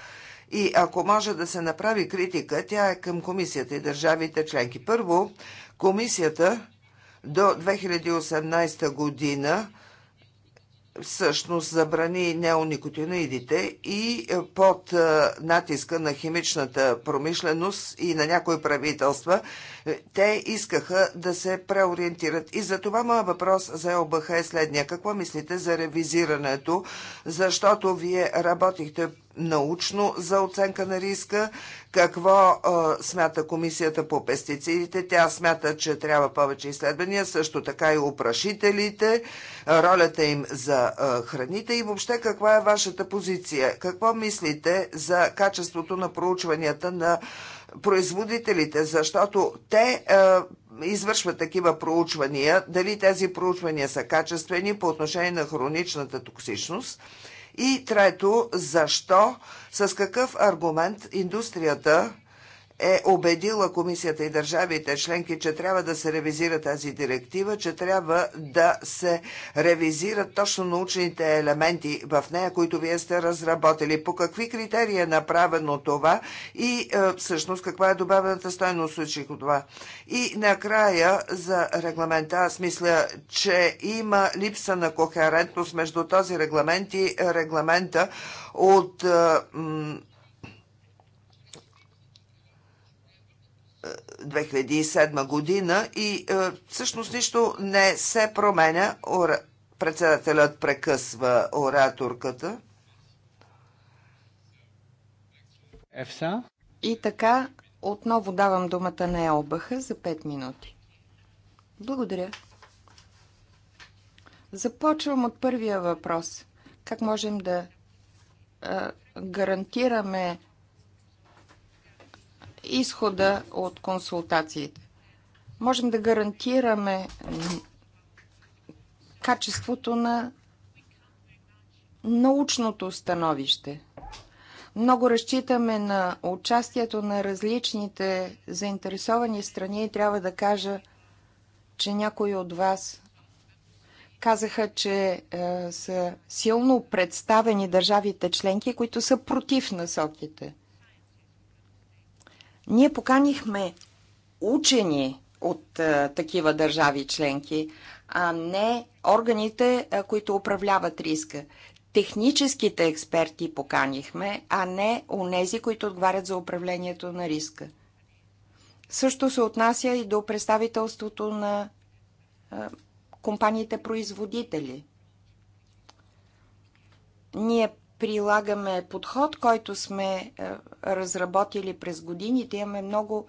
Speaker 3: И ако може да се направи критика, тя е към комисията и държавите членки. Първо, Комисията до 2018 година всъщност забрани неоникотиноидите и е, под е, натиска на химичната промишленост и на някои правителства, е, те искаха да се преориентират. И за това моят въпрос за ЛБХ е следния. Какво мислите за ревизирането? Защото вие работихте научно за оценка на риска. Какво а, смята комисията по пестицидите? Тя смята, че трябва повече изследвания, също така и опрашителите, ролята им за а, храните и въобще каква е вашата позиция? Какво мислите за качеството на проучванията на производителите, защото те а, извършват такива проучвания, дали тези проучвания са качествени по отношение на хроничната токсичност – и трето, защо, с какъв аргумент индустрията е убедила комисията и държавите членки, че трябва да се ревизира тази директива, че трябва да се ревизират точно научните елементи в нея, които вие сте разработили. По какви критерии е направено това и е, всъщност каква е добавената стойност случих от това? И накрая за регламента аз мисля, че има липса на кохерентност между този регламент и регламента от е, 2007 година и е, всъщност нищо не се променя. Председателят прекъсва ораторката.
Speaker 2: И така, отново давам думата на Елбаха за 5 минути. Благодаря. Започвам от първия въпрос. Как можем да а, е, гарантираме изхода от консултациите. Можем да гарантираме качеството на научното становище. Много разчитаме на участието на различните заинтересовани страни и трябва да кажа, че някои от вас казаха, че е, са силно представени държавите членки, които са против насоките – ние поканихме учени от а, е, такива държави членки, а не органите, а, е, които управляват риска. Техническите експерти поканихме, а не онези, които отговарят за управлението на риска. Също се отнася и до представителството на а, е, компаниите производители. Ние прилагаме подход, който сме е, разработили през годините. Имаме много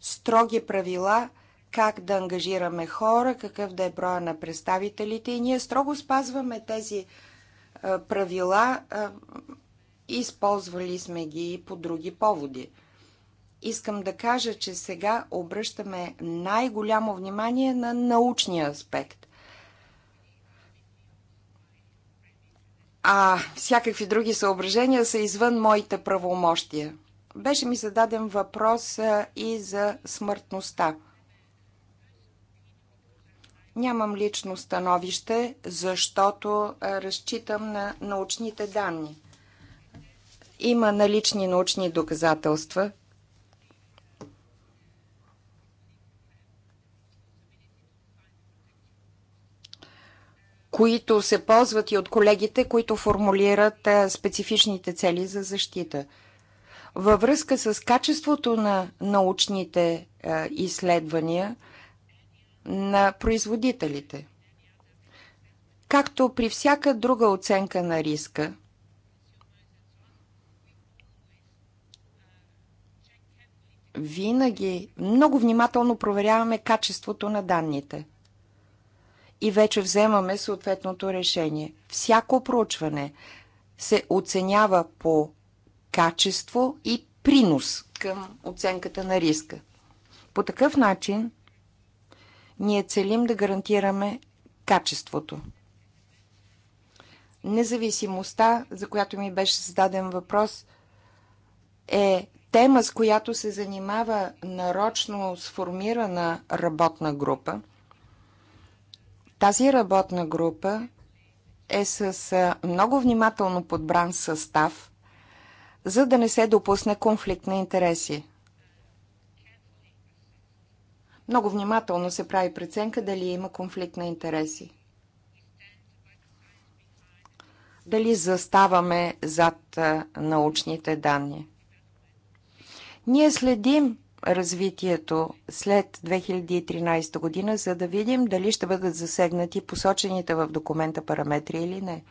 Speaker 2: строги правила как да ангажираме хора, какъв да е броя на представителите и ние строго спазваме тези е, правила. Е, използвали сме ги и по други поводи. Искам да кажа, че сега обръщаме най-голямо внимание на научния аспект. а всякакви други съображения са извън моите правомощия. Беше ми зададен въпрос и за смъртността. Нямам лично становище, защото разчитам на научните данни. Има налични научни доказателства, които се ползват и от колегите, които формулират специфичните цели за защита. Във връзка с качеството на научните изследвания на производителите. Както при всяка друга оценка на риска, винаги много внимателно проверяваме качеството на данните – и вече вземаме съответното решение. Всяко проучване се оценява по качество и принос към оценката на риска. По такъв начин ние целим да гарантираме качеството. Независимостта, за която ми беше зададен въпрос, е тема, с която се занимава нарочно сформирана работна група. Тази работна група е с много внимателно подбран състав, за да не се допусне конфликт на интереси. Много внимателно се прави преценка дали има конфликт на интереси. Дали заставаме зад научните данни. Ние следим развитието след 2013 година, за да видим дали ще бъдат засегнати посочените в документа параметри или не.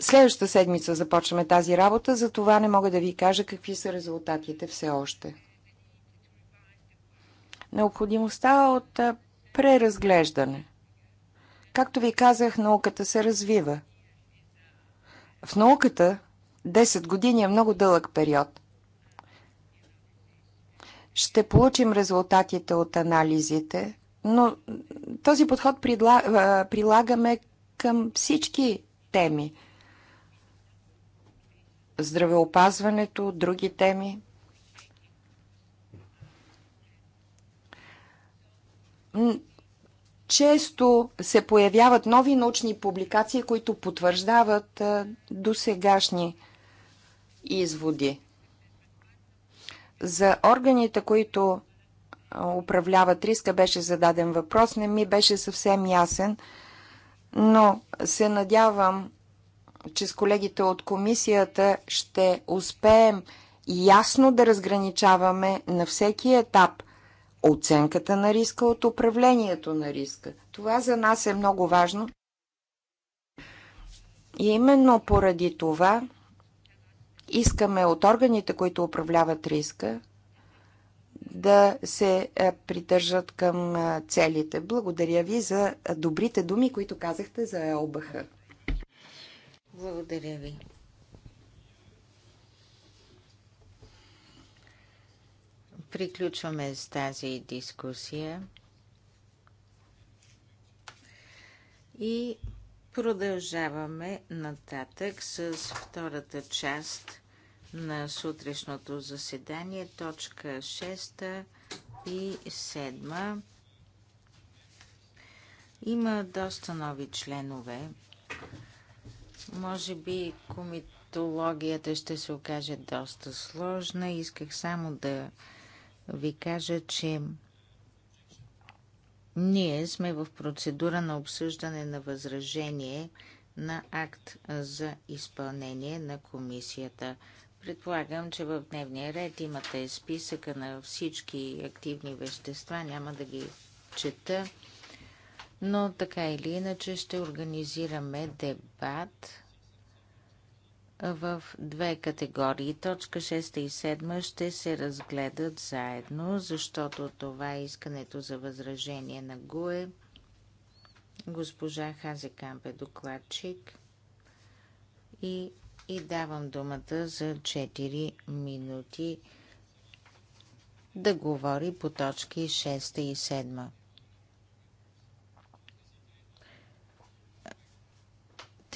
Speaker 2: Следващата седмица започваме тази работа, за това не мога да ви кажа какви са резултатите все още. Необходимостта от преразглеждане. Както ви казах, науката се развива. В науката 10 години е много дълъг период – ще получим резултатите от анализите, но този подход прилагаме към всички теми. Здравеопазването, други теми. Често се появяват нови научни публикации, които потвърждават досегашни изводи. За органите, които управляват риска, беше зададен въпрос. Не ми беше съвсем ясен, но се надявам, че с колегите от комисията ще успеем ясно да разграничаваме на всеки етап оценката на риска от управлението на риска. Това за нас е много важно. И именно поради това Искаме от органите, които управляват риска, да се е, придържат към е, целите. Благодаря ви за добрите думи, които
Speaker 1: казахте за ЕОБХ. Благодаря ви. Приключваме с тази дискусия и Продължаваме нататък с втората част на сутрешното заседание, точка 6 и 7. Има доста нови членове. Може би комитологията ще се окаже доста сложна. Исках само да ви кажа, че ние сме в процедура на обсъждане на възражение на акт за изпълнение на комисията. Предполагам, че в дневния ред имате списъка на всички активни вещества, няма да ги чета, но така или иначе ще организираме дебат в две категории. Точка 6 и 7 ще се разгледат заедно, защото това е искането за възражение на ГУЕ. Госпожа Хазекамп е докладчик и, и давам думата за 4 минути да говори по точки 6 и 7.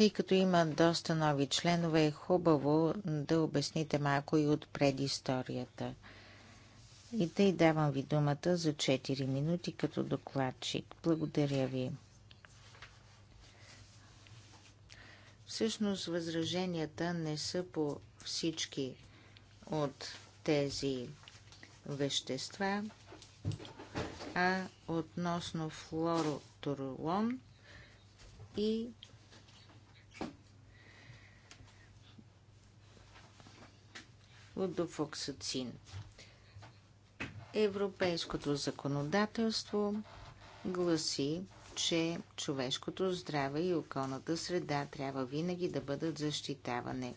Speaker 1: Тъй като има доста нови членове, е хубаво да обясните малко и от предисторията. И тъй давам ви думата за 4 минути като докладчик. Благодаря ви. Всъщност възраженията не са по всички от тези вещества, а относно флороторолон и от дофоксацин. Европейското законодателство гласи, че човешкото здраве и околната среда трябва винаги да бъдат защитаване.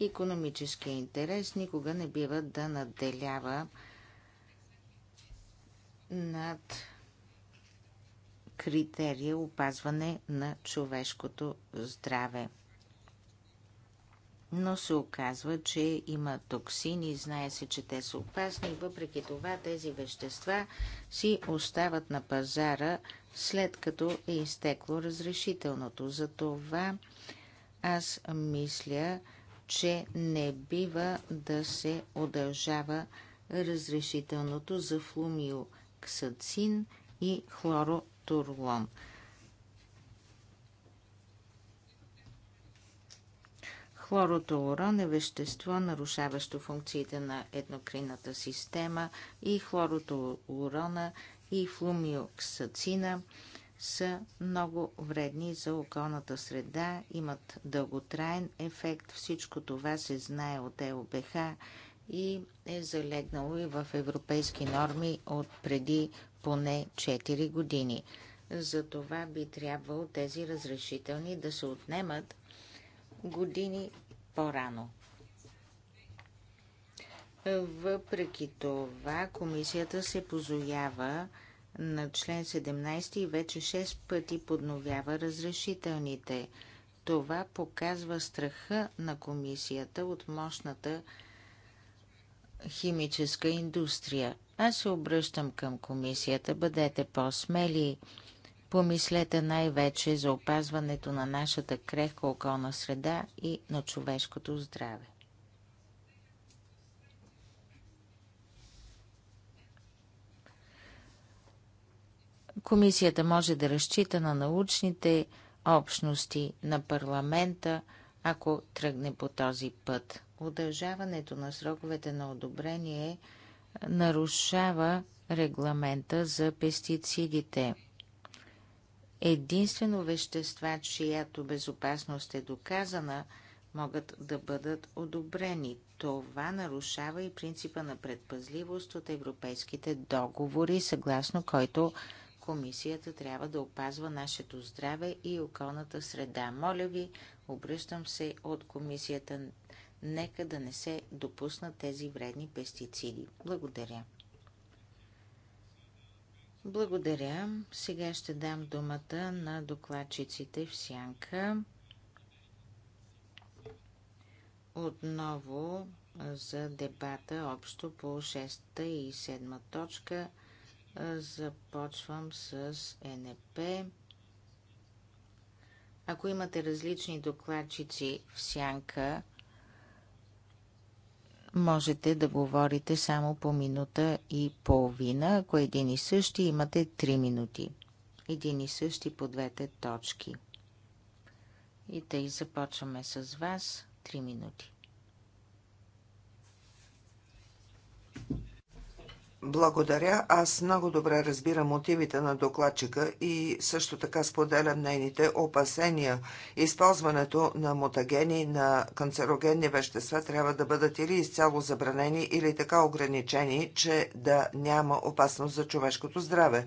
Speaker 1: Економическия интерес никога не бива да надделява над критерия опазване на човешкото здраве но се оказва, че има токсини, знае се, че те са опасни и въпреки това тези вещества си остават на пазара след като е изтекло разрешителното. Затова аз мисля, че не бива да се удължава разрешителното за флумиоксацин и хлоротурлон. Хлоротолорон е вещество, нарушаващо функциите на еднокринната система и хлоротолорона и флумиоксацина са много вредни за околната среда, имат дълготраен ефект. Всичко това се знае от ЕОБХ и е залегнало и в европейски норми от преди поне 4 години. За това би трябвало тези разрешителни да се отнемат години по-рано. Въпреки това, комисията се позоява на член 17 и вече 6 пъти подновява разрешителните. Това показва страха на комисията от мощната химическа индустрия. Аз се обръщам към комисията. Бъдете по-смели. Помислете най-вече за опазването на нашата крехка околна среда и на човешкото здраве. Комисията може да разчита на научните общности на парламента, ако тръгне по този път. Удължаването на сроковете на одобрение нарушава регламента за пестицидите единствено вещества, чиято безопасност е доказана, могат да бъдат одобрени. Това нарушава и принципа на предпазливост от европейските договори, съгласно който комисията трябва да опазва нашето здраве и околната среда. Моля ви, обръщам се от комисията. Нека да не се допуснат тези вредни пестициди. Благодаря. Благодаря. Сега ще дам думата на докладчиците в сянка. Отново за дебата общо по 6 и 7 точка. Започвам с НП. Ако имате различни докладчици в сянка, можете да говорите само по минута и половина. Ако един и същи, имате 3 минути. Един и същи по двете точки. И тъй започваме с вас 3 минути.
Speaker 3: Благодаря. Аз много добре разбирам мотивите на докладчика и също така споделям нейните опасения. Използването на мутагени, на канцерогенни вещества трябва да бъдат или изцяло забранени, или така ограничени, че да няма опасност за човешкото здраве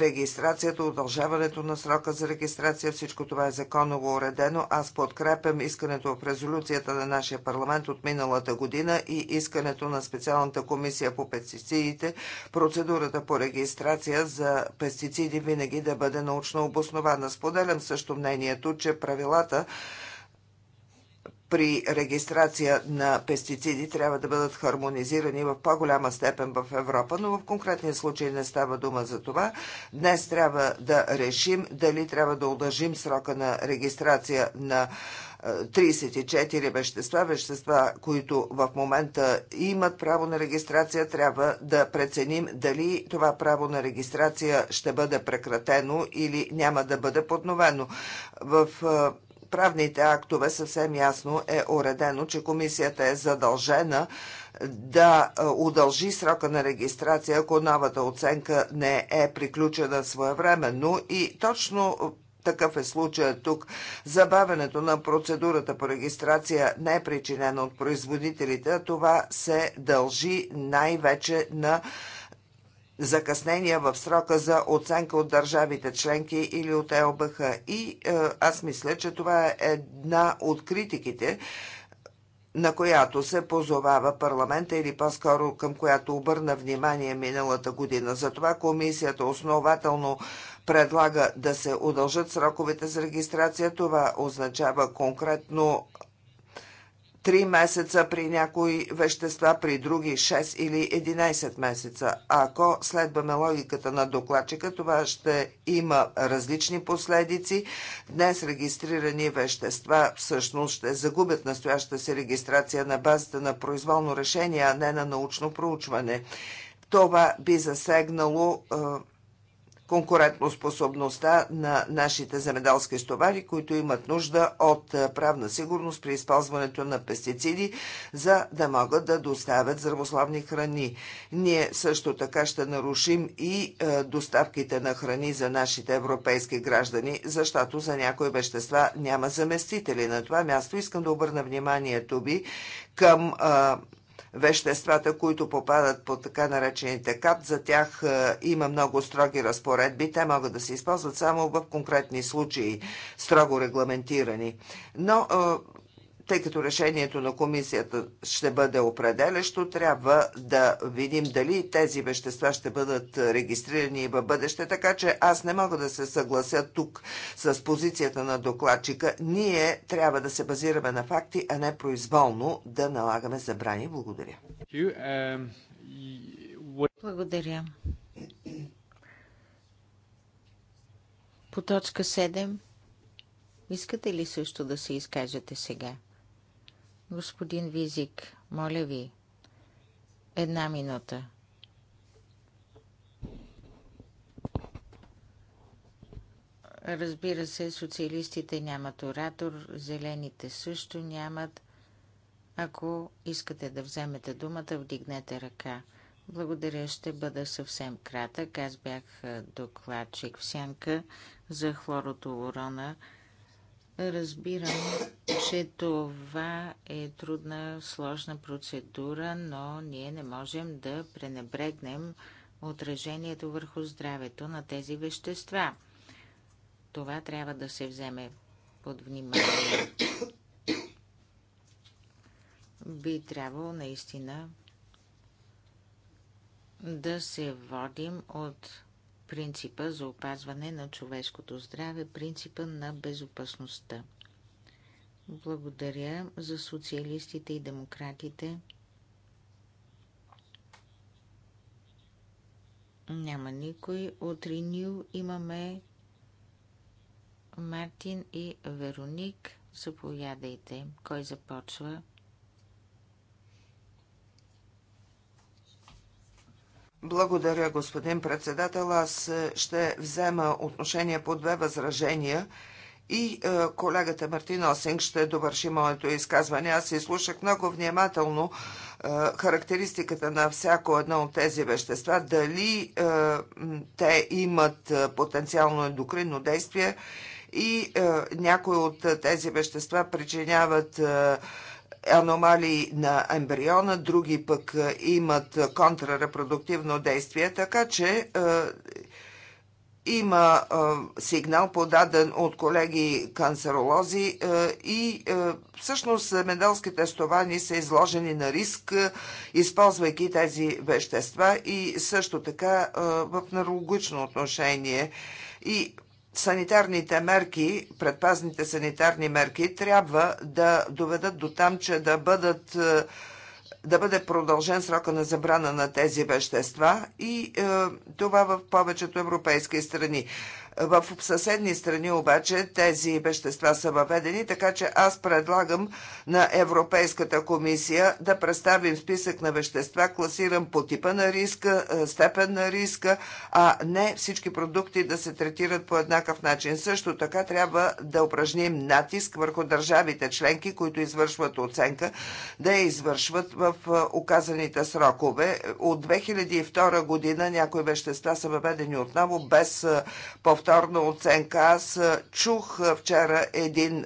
Speaker 3: регистрацията, удължаването на срока за регистрация, всичко това е законово уредено. Аз подкрепям искането в резолюцията на нашия парламент от миналата година и искането на специалната комисия по пестицидите, процедурата по регистрация за пестициди винаги да бъде научно обоснована. Споделям също мнението, че правилата при регистрация на пестициди трябва да бъдат хармонизирани в по-голяма степен в Европа, но в конкретния случай не става дума за това. Днес трябва да решим дали трябва да удължим срока на регистрация на 34 е, вещества, вещества, които в момента имат право на регистрация, трябва да преценим дали това право на регистрация ще бъде прекратено или няма да бъде подновено. В е, правните актове съвсем ясно е уредено, че комисията е задължена да е, удължи срока на регистрация, ако новата оценка не е приключена своевременно и точно е, такъв е случая тук. Забавянето на процедурата по регистрация не е причинено от производителите, а това се дължи най-вече на е, закъснения в срока за оценка от държавите членки или от ЕОБХ. И е, аз мисля, че това е една от критиките, на която се позовава парламента или по-скоро към която обърна внимание миналата година. Затова комисията основателно предлага да се удължат сроковете за регистрация. Това означава конкретно 3 месеца при някои вещества, при други 6 или 11 месеца. Ако следваме логиката на докладчика, това ще има различни последици. Днес регистрирани вещества всъщност ще загубят настояща си регистрация на базата на произволно решение, а не на научно проучване. Това би засегнало конкурентоспособността на нашите земеделски стовари, които имат нужда от правна сигурност при използването на пестициди, за да могат да доставят здравословни храни. Ние също така ще нарушим и доставките на храни за нашите европейски граждани, защото за някои вещества няма заместители. На това място искам да обърна вниманието ви към веществата, които попадат по така наречените КАП. За тях е, има много строги разпоредби. Те могат да се използват само в конкретни случаи, строго регламентирани. Но е, тъй като решението на комисията ще бъде определящо, трябва да видим дали тези вещества ще бъдат регистрирани в бъдеще, така че аз не мога да се съглася тук с позицията на докладчика. Ние трябва да се базираме на факти, а не произволно да налагаме забрани. Благодаря.
Speaker 1: Благодаря. По точка 7 искате ли също да се изкажете сега? Господин Визик, моля ви, една минута. Разбира се, социалистите нямат оратор, зелените също нямат. Ако искате да вземете думата, вдигнете ръка. Благодаря, ще бъда съвсем кратък. Аз бях докладчик в сянка за хлорото урона Разбирам, че това е трудна, сложна процедура, но ние не можем да пренебрегнем отражението върху здравето на тези вещества. Това трябва да се вземе под внимание. Би трябвало наистина да се водим от принципа за опазване на човешкото здраве, принципа на безопасността. Благодаря за социалистите и демократите. Няма никой. От ринил имаме Мартин и Вероник. Заповядайте. Кой започва?
Speaker 3: Благодаря, господин председател. Аз е, ще взема отношение по две възражения и е, колегата Мартин Осинг ще довърши моето изказване. Аз изслушах много внимателно е, характеристиката на всяко едно от тези вещества, дали те имат потенциално ендокринно действие и някои от тези вещества причиняват аномалии на ембриона, други пък е, имат контрарепродуктивно действие, така че е, има е, сигнал подаден от колеги канцеролози и всъщност земеделските стовани са изложени на риск, използвайки тези вещества и също така в нарологично отношение. И санитарните мерки, предпазните санитарни мерки трябва да доведат до там, че да бъдат е, да бъде продължен срока на забрана на тези вещества и е, това в повечето европейски страни. В съседни страни обаче тези вещества са въведени, така че аз предлагам на Европейската комисия да представим списък на вещества, класиран по типа на риска, е, степен на риска, а не всички продукти да се третират по еднакъв начин. Също така трябва да упражним натиск върху държавите членки, които извършват оценка, да я извършват в оказаните е, срокове. От 2002 година някои вещества са въведени отново без е, повторение повторна оценка. Аз чух вчера един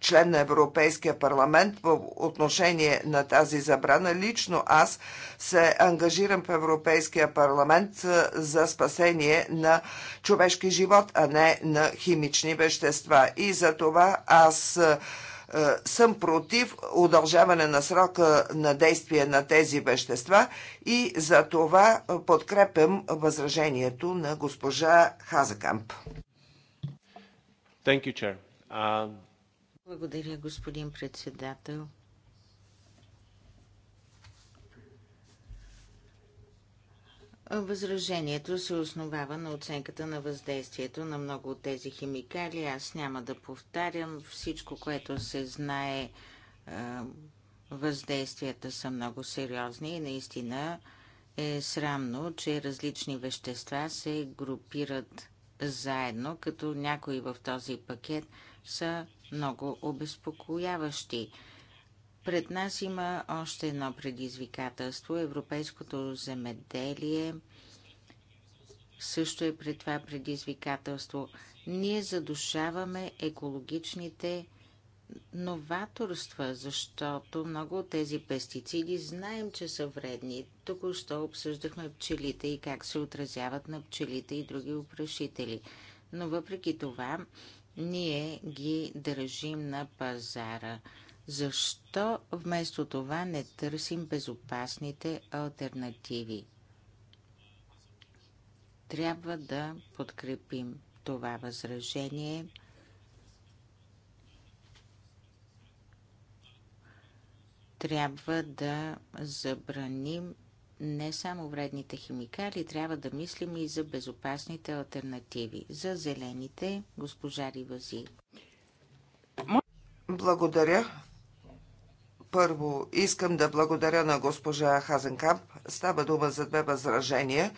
Speaker 3: член на Европейския парламент в отношение на тази забрана. Лично аз се ангажирам в Европейския парламент за спасение на човешки живот, а не на химични вещества. И за това аз е, съм против удължаване на срока на действие на тези вещества и за това подкрепям възражението на госпожа Хазакамп.
Speaker 1: Благодаря, господин председател. Възражението се основава на оценката на въздействието на много от тези химикали. Аз няма да повтарям всичко, което се знае. Е, въздействията са много сериозни и наистина е срамно, че различни вещества се групират заедно, като някои в този пакет са много обезпокояващи. Пред нас има още едно предизвикателство. Европейското земеделие също е пред това предизвикателство. Ние задушаваме екологичните новаторства, защото много от тези пестициди знаем, че са вредни. Току-що обсъждахме пчелите и как се отразяват на пчелите и други опрашители. Но въпреки това, ние ги държим на пазара – защо вместо това не търсим безопасните альтернативи? Трябва да подкрепим това възражение. Трябва да забраним не само вредните химикали, трябва да мислим и за безопасните альтернативи. За зелените, госпожа
Speaker 3: Ривази. Благодаря. Първо, искам да благодаря на госпожа Хазенкамп. Става дума за две възражения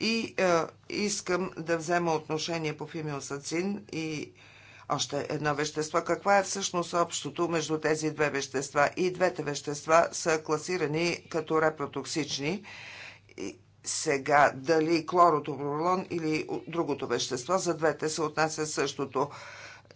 Speaker 3: и е, искам да взема отношение по фимиосацин и още едно вещество. Каква е всъщност общото между тези две вещества? И двете вещества са класирани като репротоксични. И сега, дали клоротобролон или другото вещество, за двете се отнася същото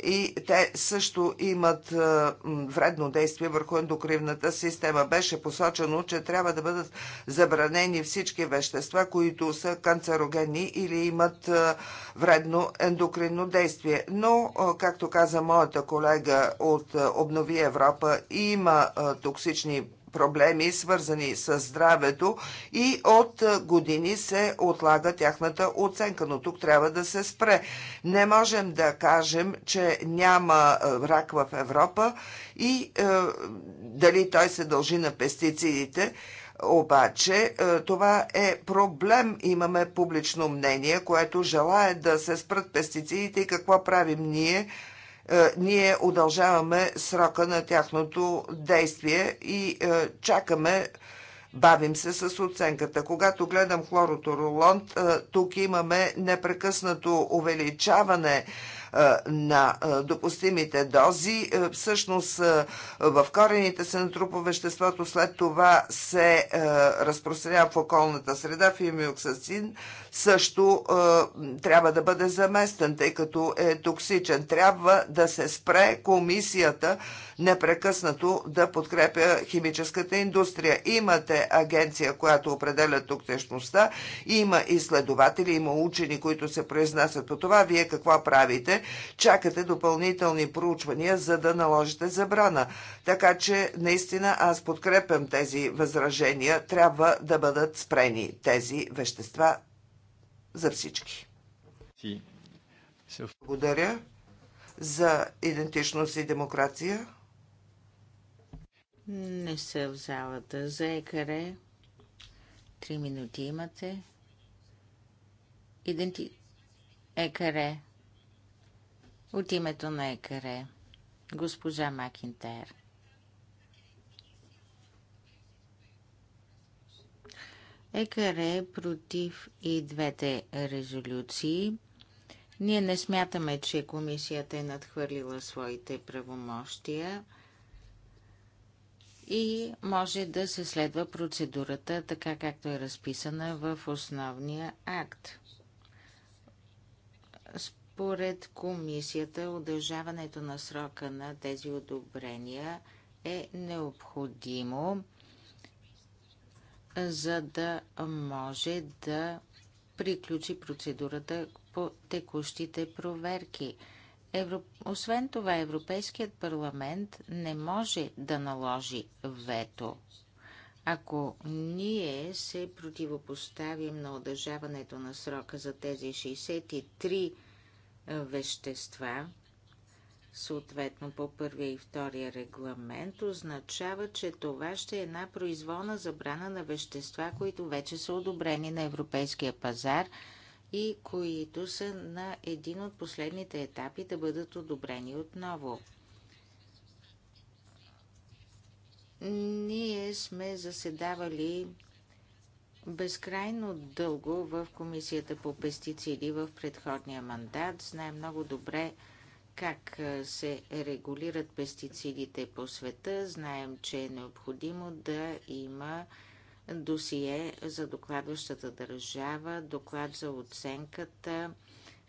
Speaker 3: и те също имат е, вредно действие върху ендокривната система. Беше посочено, че трябва да бъдат забранени всички вещества, които са канцерогени или имат е, вредно ендокринно действие. Но, е, както каза моята колега от Обнови Европа, има токсични проблеми, свързани с здравето и от години се отлага тяхната оценка, но тук трябва да се спре. Не можем да кажем, че няма е, рак в Европа и е, дали той се дължи на пестицидите. Обаче е, това е проблем. Имаме публично мнение, което желая да се спрат пестицидите и какво правим ние – е, ние удължаваме срока на тяхното действие и е, чакаме, бавим се с оценката. Когато гледам хлороторолонт, е, тук имаме непрекъснато увеличаване на допустимите дози. Всъщност в корените се натрупва веществото, след това се разпространява в околната среда, фимиоксацин, също е, трябва да бъде заместен, тъй като е токсичен. Трябва да се спре комисията непрекъснато да подкрепя химическата индустрия. Имате агенция, която определя токсичността, има изследователи, има учени, които се произнасят по това. Вие какво правите? Чакате допълнителни проучвания, за да наложите забрана. Така че, наистина, аз подкрепям тези възражения. Трябва да бъдат спрени тези вещества за всички. Благодаря за идентичност и демокрация.
Speaker 1: Не са в залата. За екаре. Три минути имате. Иденти... Екаре. От името на Екаре. Госпожа Макинтер. Екаре е против и двете резолюции. Ние не смятаме, че комисията е надхвърлила своите правомощия и може да се следва процедурата, така както е разписана в основния акт. Според комисията, удължаването на срока на тези одобрения е необходимо – за да може да приключи процедурата по текущите проверки. Евро... Освен това, Европейският парламент не може да наложи вето. Ако ние се противопоставим на удържаването на срока за тези 63 вещества, съответно по първия и втория регламент, означава, че това ще е една произволна забрана на вещества, които вече са одобрени на европейския пазар и които са на един от последните етапи да бъдат одобрени отново. Ние сме заседавали безкрайно дълго в Комисията по пестициди в предходния мандат. Знае много добре, как се регулират пестицидите по света. Знаем, че е необходимо да има досие за докладващата държава, доклад за оценката,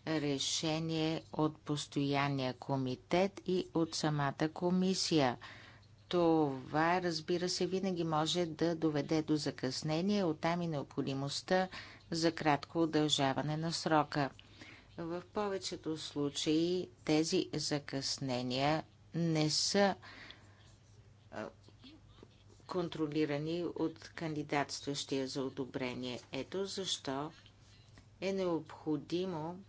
Speaker 1: решение от постоянния комитет и от самата комисия. Това, разбира се, винаги може да доведе до закъснение, оттам и необходимостта за кратко удължаване на срока. В повечето случаи тези закъснения не са контролирани от кандидатстващия за одобрение. Ето защо е необходимо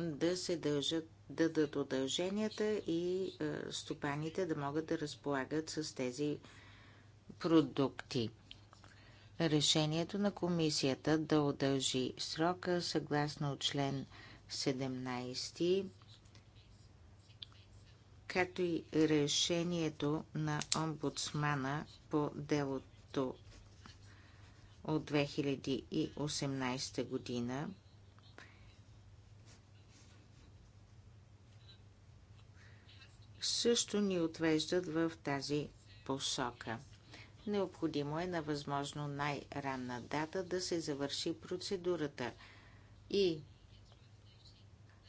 Speaker 1: да се дължат, дадат удълженията и стопаните да могат да разполагат с тези продукти решението на комисията да удължи срока съгласно член 17, както и решението на омбудсмана по делото от 2018 година. също ни отвеждат в тази посока – Необходимо е на възможно най-ранна дата да се завърши процедурата и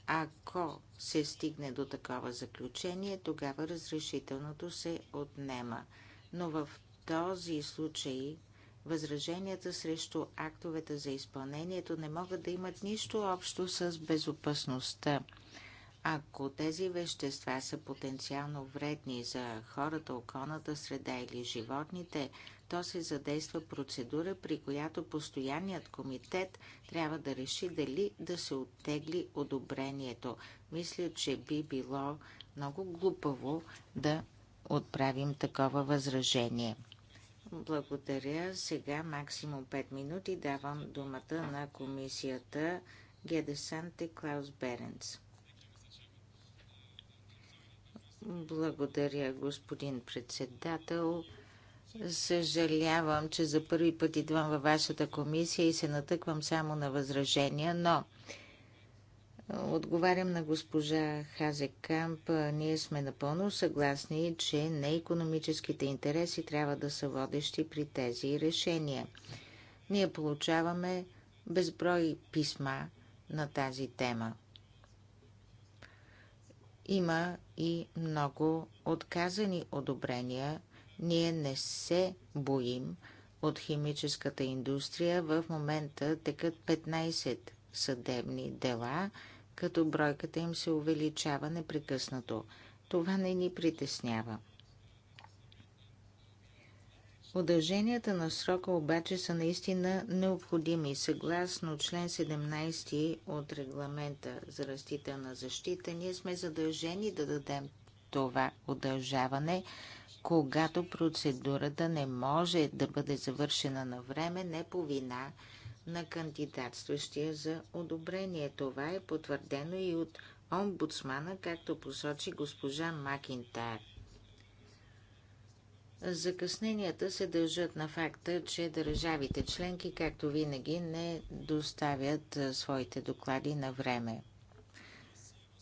Speaker 1: ако се стигне до такова заключение, тогава разрешителното се отнема. Но в този случай възраженията срещу актовете за изпълнението не могат да имат нищо общо с безопасността. Ако тези вещества са потенциално вредни за хората, околната среда или животните, то се задейства процедура, при която постоянният комитет трябва да реши дали да се оттегли одобрението. Мисля, че би било много глупаво да отправим такова възражение. Благодаря. Сега максимум 5 минути давам думата на комисията Гедесанте Клаус Беренц. Благодаря, господин председател. Съжалявам, че за първи път идвам във вашата комисия и се натъквам само на възражения, но отговарям на госпожа Хазе Камп. Ние сме напълно съгласни, че не економическите интереси трябва да са водещи при тези решения. Ние получаваме безброй писма на тази тема. Има и много отказани одобрения. Ние не се боим от химическата индустрия. В момента текат 15 съдебни дела, като бройката им се увеличава непрекъснато. Това не ни притеснява. Удълженията на срока обаче са наистина необходими. Съгласно член 17 от регламента за растителна защита, ние сме задължени да дадем това удължаване, когато процедурата не може да бъде завършена на време, не по вина на кандидатстващия за одобрение. Това е потвърдено и от омбудсмана, както посочи госпожа Макинтар. Закъсненията се дължат на факта, че държавите членки, както винаги, не доставят своите доклади на време.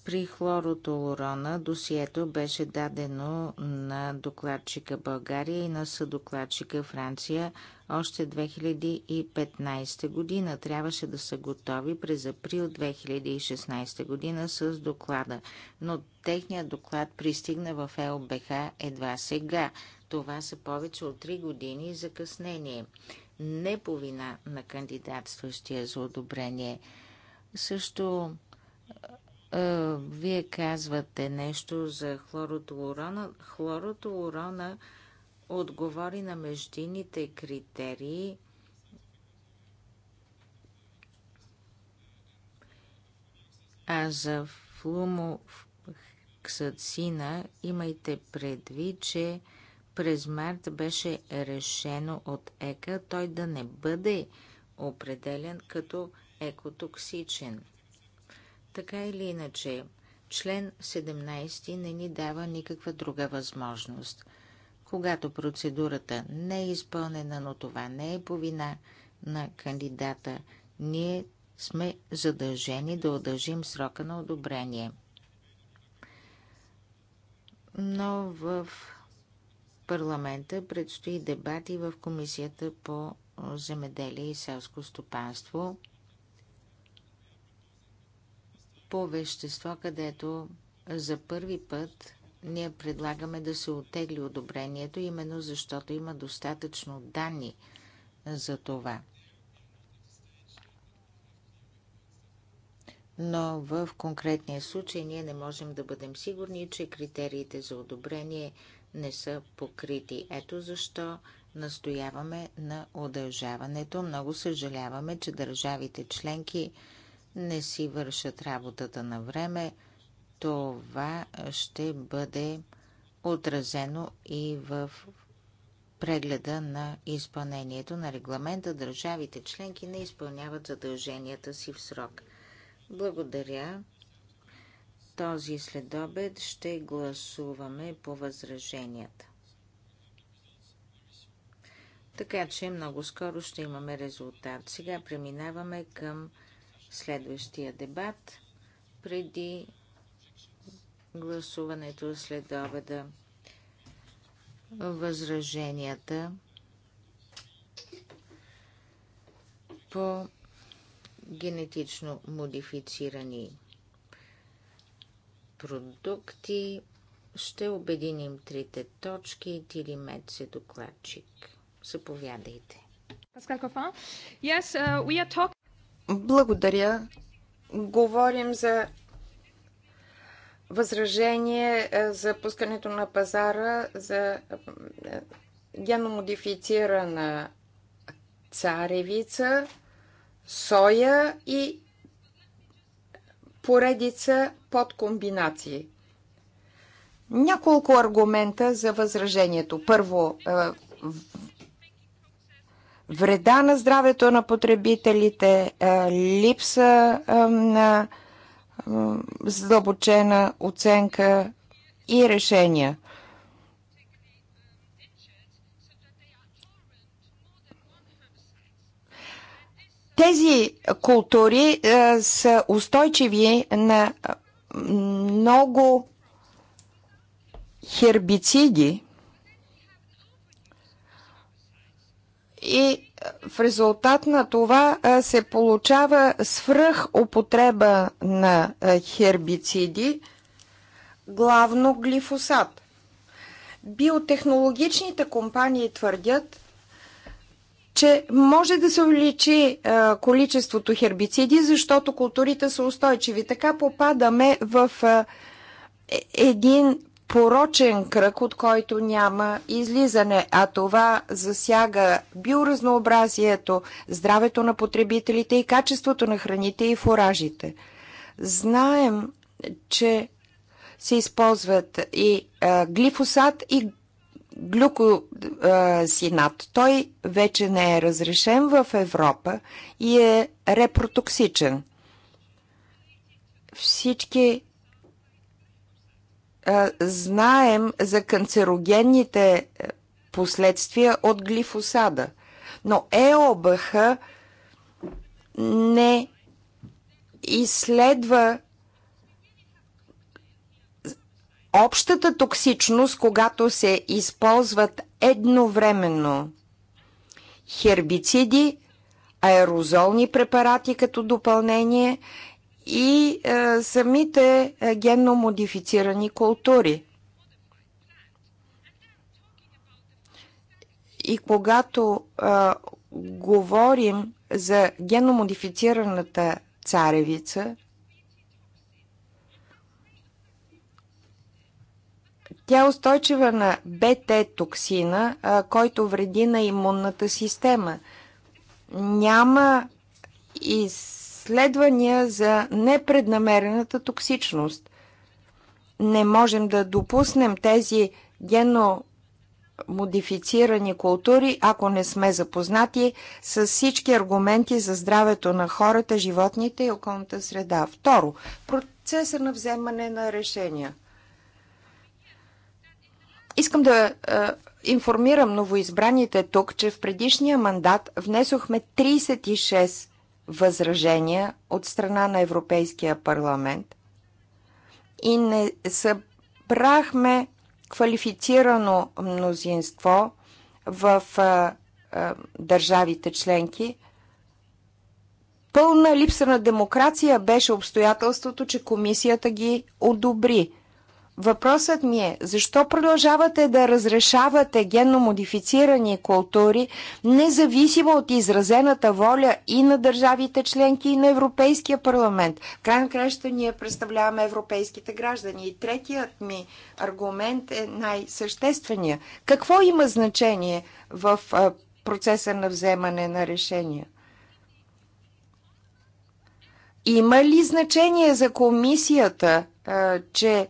Speaker 1: При хлоротолорона досието беше дадено на докладчика България и на съдокладчика Франция още 2015 година. Трябваше да са готови през април 2016 година с доклада, но техният доклад пристигна в ЛБХ едва сега. Това са повече от 3 години закъснение. Не по вина на кандидатстващия за одобрение. Също е, вие казвате нещо за хлоротолурона. Хлоротолурона отговори на междинните критерии А за флумоксацина имайте предвид, че през март беше решено от ЕКА той да не бъде определен като екотоксичен. Така или иначе, член 17 не ни дава никаква друга възможност. Когато процедурата не е изпълнена, но това не е по вина на кандидата, ние сме задължени да удължим срока на одобрение. Но в парламента предстои дебати в Комисията по земеделие и селско стопанство по вещество, където за първи път ние предлагаме да се отегли одобрението, именно защото има достатъчно данни за това. Но в конкретния случай ние не можем да бъдем сигурни, че критериите за одобрение не са покрити. Ето защо настояваме на удължаването. Много съжаляваме, че държавите членки не си вършат работата на време. Това ще бъде отразено и в прегледа на изпълнението на регламента. Държавите членки не изпълняват задълженията си в срок. Благодаря. Този следобед ще гласуваме по възраженията. Така че много скоро ще имаме резултат. Сега преминаваме към следващия дебат преди гласуването след обеда. Възраженията по генетично модифицирани продукти. Ще обединим трите точки. Тилимет се докладчик. Заповядайте.
Speaker 2: Паскал Yes, uh, we are talk... Благодаря. Говорим за възражение е, за пускането на пазара за е, геномодифицирана царевица, соя и поредица под комбинации. Няколко аргумента за възражението. Първо, е, вреда на здравето на потребителите, е, липса е, на задълбочена оценка и решения – Тези култури а, е, са устойчиви на е, много хербициди и е, в резултат на това се получава свръх употреба на хербициди, главно глифосат. Биотехнологичните компании твърдят, че може да се увеличи а, е, количеството хербициди, защото културите са устойчиви. Така попадаме в а, е, е, един порочен кръг, от който няма излизане, а това засяга биоразнообразието, здравето на потребителите и качеството на храните и фуражите. Знаем, че се използват и а, глифосат и глюкосинат. Той вече не е разрешен в Европа и е репротоксичен. Всички а, знаем за канцерогенните е, последствия от глифосада, но ЕОБХ не изследва общата токсичност, когато се използват едновременно хербициди, аерозолни препарати като допълнение и е, самите е, генно модифицирани култури. И когато е, говорим за модифицираната царевица, Тя е устойчива на БТ-токсина, който вреди на имунната система. Няма изследвания за непреднамерената токсичност. Не можем да допуснем тези генно модифицирани култури, ако не сме запознати с всички аргументи за здравето на хората, животните и околната среда. Второ, процеса на вземане на решения – Искам да е, информирам новоизбраните тук, че в предишния мандат внесохме 36 възражения от страна на Европейския парламент и не събрахме квалифицирано мнозинство в е, е, държавите членки. Пълна липса на демокрация беше обстоятелството, че комисията ги одобри – Въпросът ми е, защо продължавате да разрешавате генно модифицирани култури, независимо от изразената воля и на държавите членки, и на Европейския парламент? В крайна краща ние представляваме европейските граждани. И третият ми аргумент е най-съществения. Какво има значение в процеса на вземане на решения? Има ли значение за комисията, че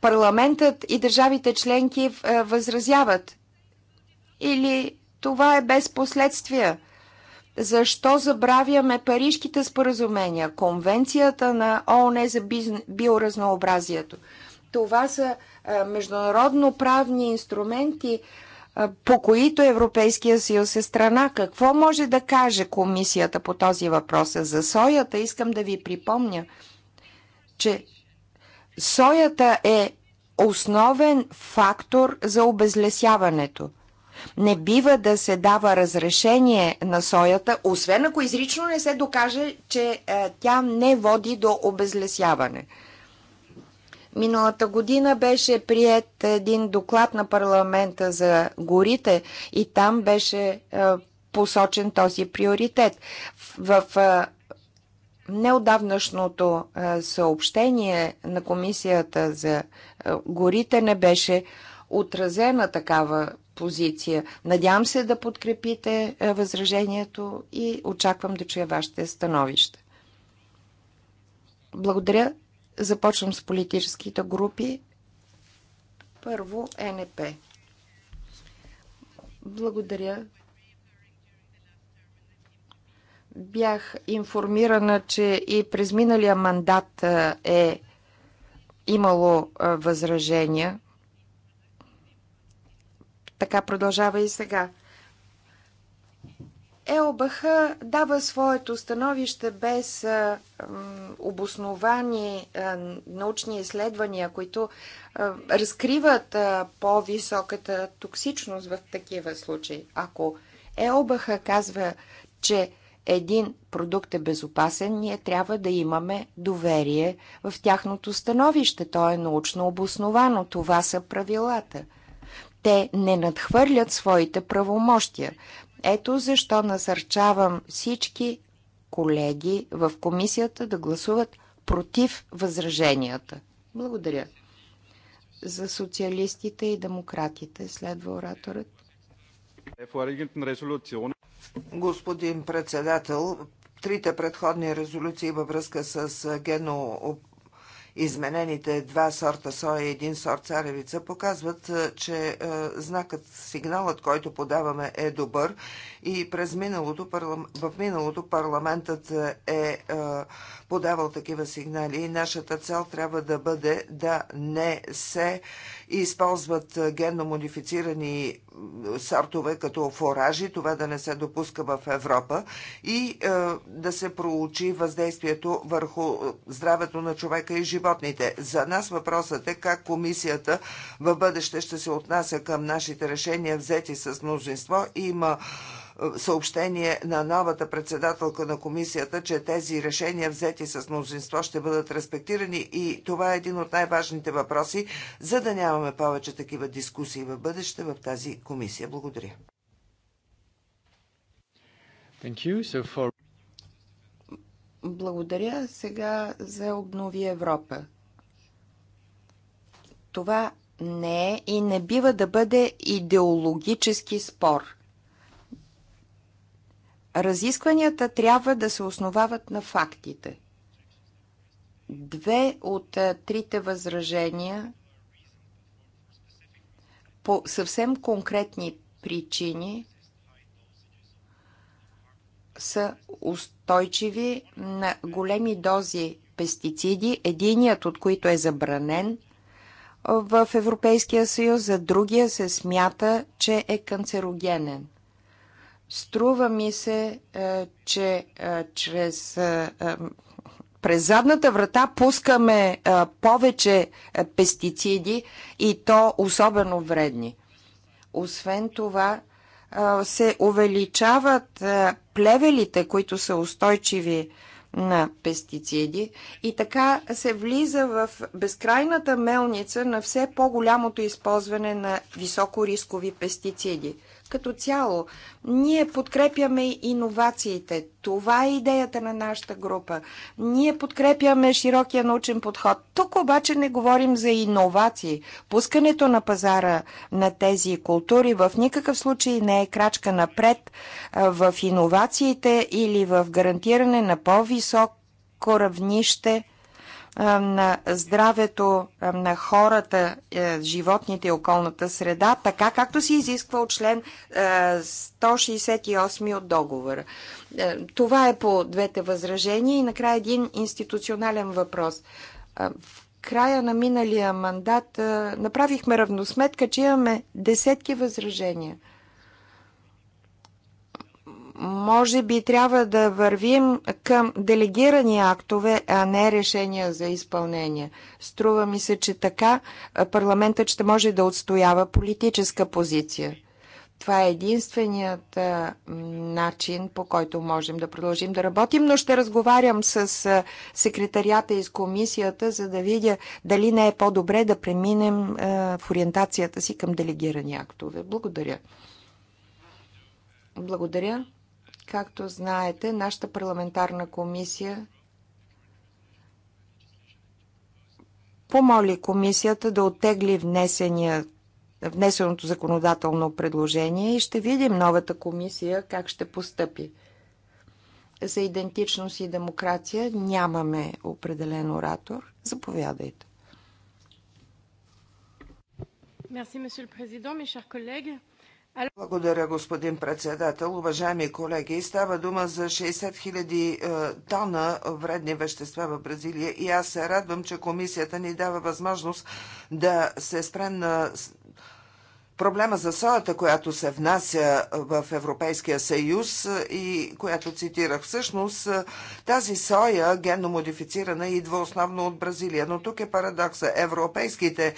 Speaker 2: парламентът и държавите членки е, възразяват. Или това е без последствия. Защо забравяме парижките споразумения, конвенцията на ООН за биоразнообразието? Това са е, международно правни инструменти, е, по които Европейския съюз е страна. Какво може да каже комисията по този въпрос? За соята искам да ви припомня, че Соята е основен фактор за обезлесяването. Не бива да се дава разрешение на соята, освен ако изрично не се докаже, че е, тя не води до обезлесяване. Миналата година беше прият един доклад на парламента за горите и там беше е, посочен този приоритет. В, в е, Неодавнашното съобщение на Комисията за горите не беше отразена такава позиция. Надявам се да подкрепите възражението и очаквам да чуя вашите становища. Благодаря. Започвам с политическите групи. Първо НП. Благодаря, Бях информирана, че и през миналия мандат е имало възражения. Така продължава и сега. ЕОБХ дава своето становище без обосновани научни изследвания, които разкриват по-високата токсичност в такива случаи. Ако ЕОБХ казва, че един продукт е безопасен, ние трябва да имаме доверие в тяхното становище. То е научно обосновано. Това са правилата. Те не надхвърлят своите правомощия. Ето защо насърчавам всички колеги в комисията да гласуват против възраженията. Благодаря. За социалистите и демократите
Speaker 3: следва ораторът господин председател. Трите предходни резолюции във връзка с гено изменените два сорта соя и един сорт царевица показват, че знакът, сигналът, който подаваме е добър и през миналото, в миналото парламентът е подавал такива сигнали и нашата цел трябва да бъде да не се и използват генно модифицирани сортове като форажи, това да не се допуска в Европа и е, да се проучи въздействието върху здравето на човека и животните. За нас въпросът е как комисията в бъдеще ще се отнася към нашите решения, взети с мнозинство. Има съобщение на новата председателка на комисията, че тези решения взети с мнозинство ще бъдат респектирани и това е един от най-важните въпроси, за да нямаме повече такива дискусии в бъдеще в тази комисия. Благодаря. So for...
Speaker 2: Благодаря сега за Обнови Европа. Това не е и не бива да бъде идеологически спор – Разискванията трябва да се основават на фактите. Две от трите възражения по съвсем конкретни причини са устойчиви на големи дози пестициди, единият от които е забранен в Европейския съюз, за другия се смята, че е канцерогенен. Струва ми се, е, че е, чрез е, през задната врата пускаме повече пестициди и то особено вредни. Освен това, се увеличават плевелите, които са устойчиви на пестициди и така се влиза в безкрайната мелница на все по-голямото използване на високорискови пестициди – като цяло. Ние подкрепяме иновациите. Това е идеята на нашата група. Ние подкрепяме широкия научен подход. Тук обаче не говорим за иновации. Пускането на пазара на тези култури в никакъв случай не е крачка напред в иновациите или в гарантиране на по-високо равнище – на здравето на хората, е, животните и околната среда, така както се изисква от член 168 от договора. Е, това е по двете възражения и накрая един институционален въпрос. Е, в края на миналия мандат направихме равносметка, че имаме десетки възражения – може би трябва да вървим към делегирани актове, а не решения за изпълнение. Струва ми се, че така парламентът ще може да отстоява политическа позиция. Това е единственият а, начин, по който можем да продължим да работим, но ще разговарям с а, секретарията и с комисията, за да видя дали не е по-добре да преминем а, в ориентацията си към делегирани актове. Благодаря. Благодаря. Както знаете, нашата парламентарна комисия помоли комисията да оттегли внесения, внесеното законодателно предложение и ще видим новата комисия как ще постъпи. За идентичност и демокрация нямаме определен оратор.
Speaker 3: Заповядайте.
Speaker 2: Merci, Monsieur le Président, mes chers
Speaker 3: collègues. Благодаря, господин председател. Уважаеми колеги, става дума за 60 хиляди е, тона вредни вещества в Бразилия и аз се радвам, че комисията ни дава възможност да се спрем на проблема за соята, която се внася в Европейския съюз е, и която цитирах. Всъщност е, тази соя, генно модифицирана, идва основно от Бразилия. Но тук е парадокса. Европейските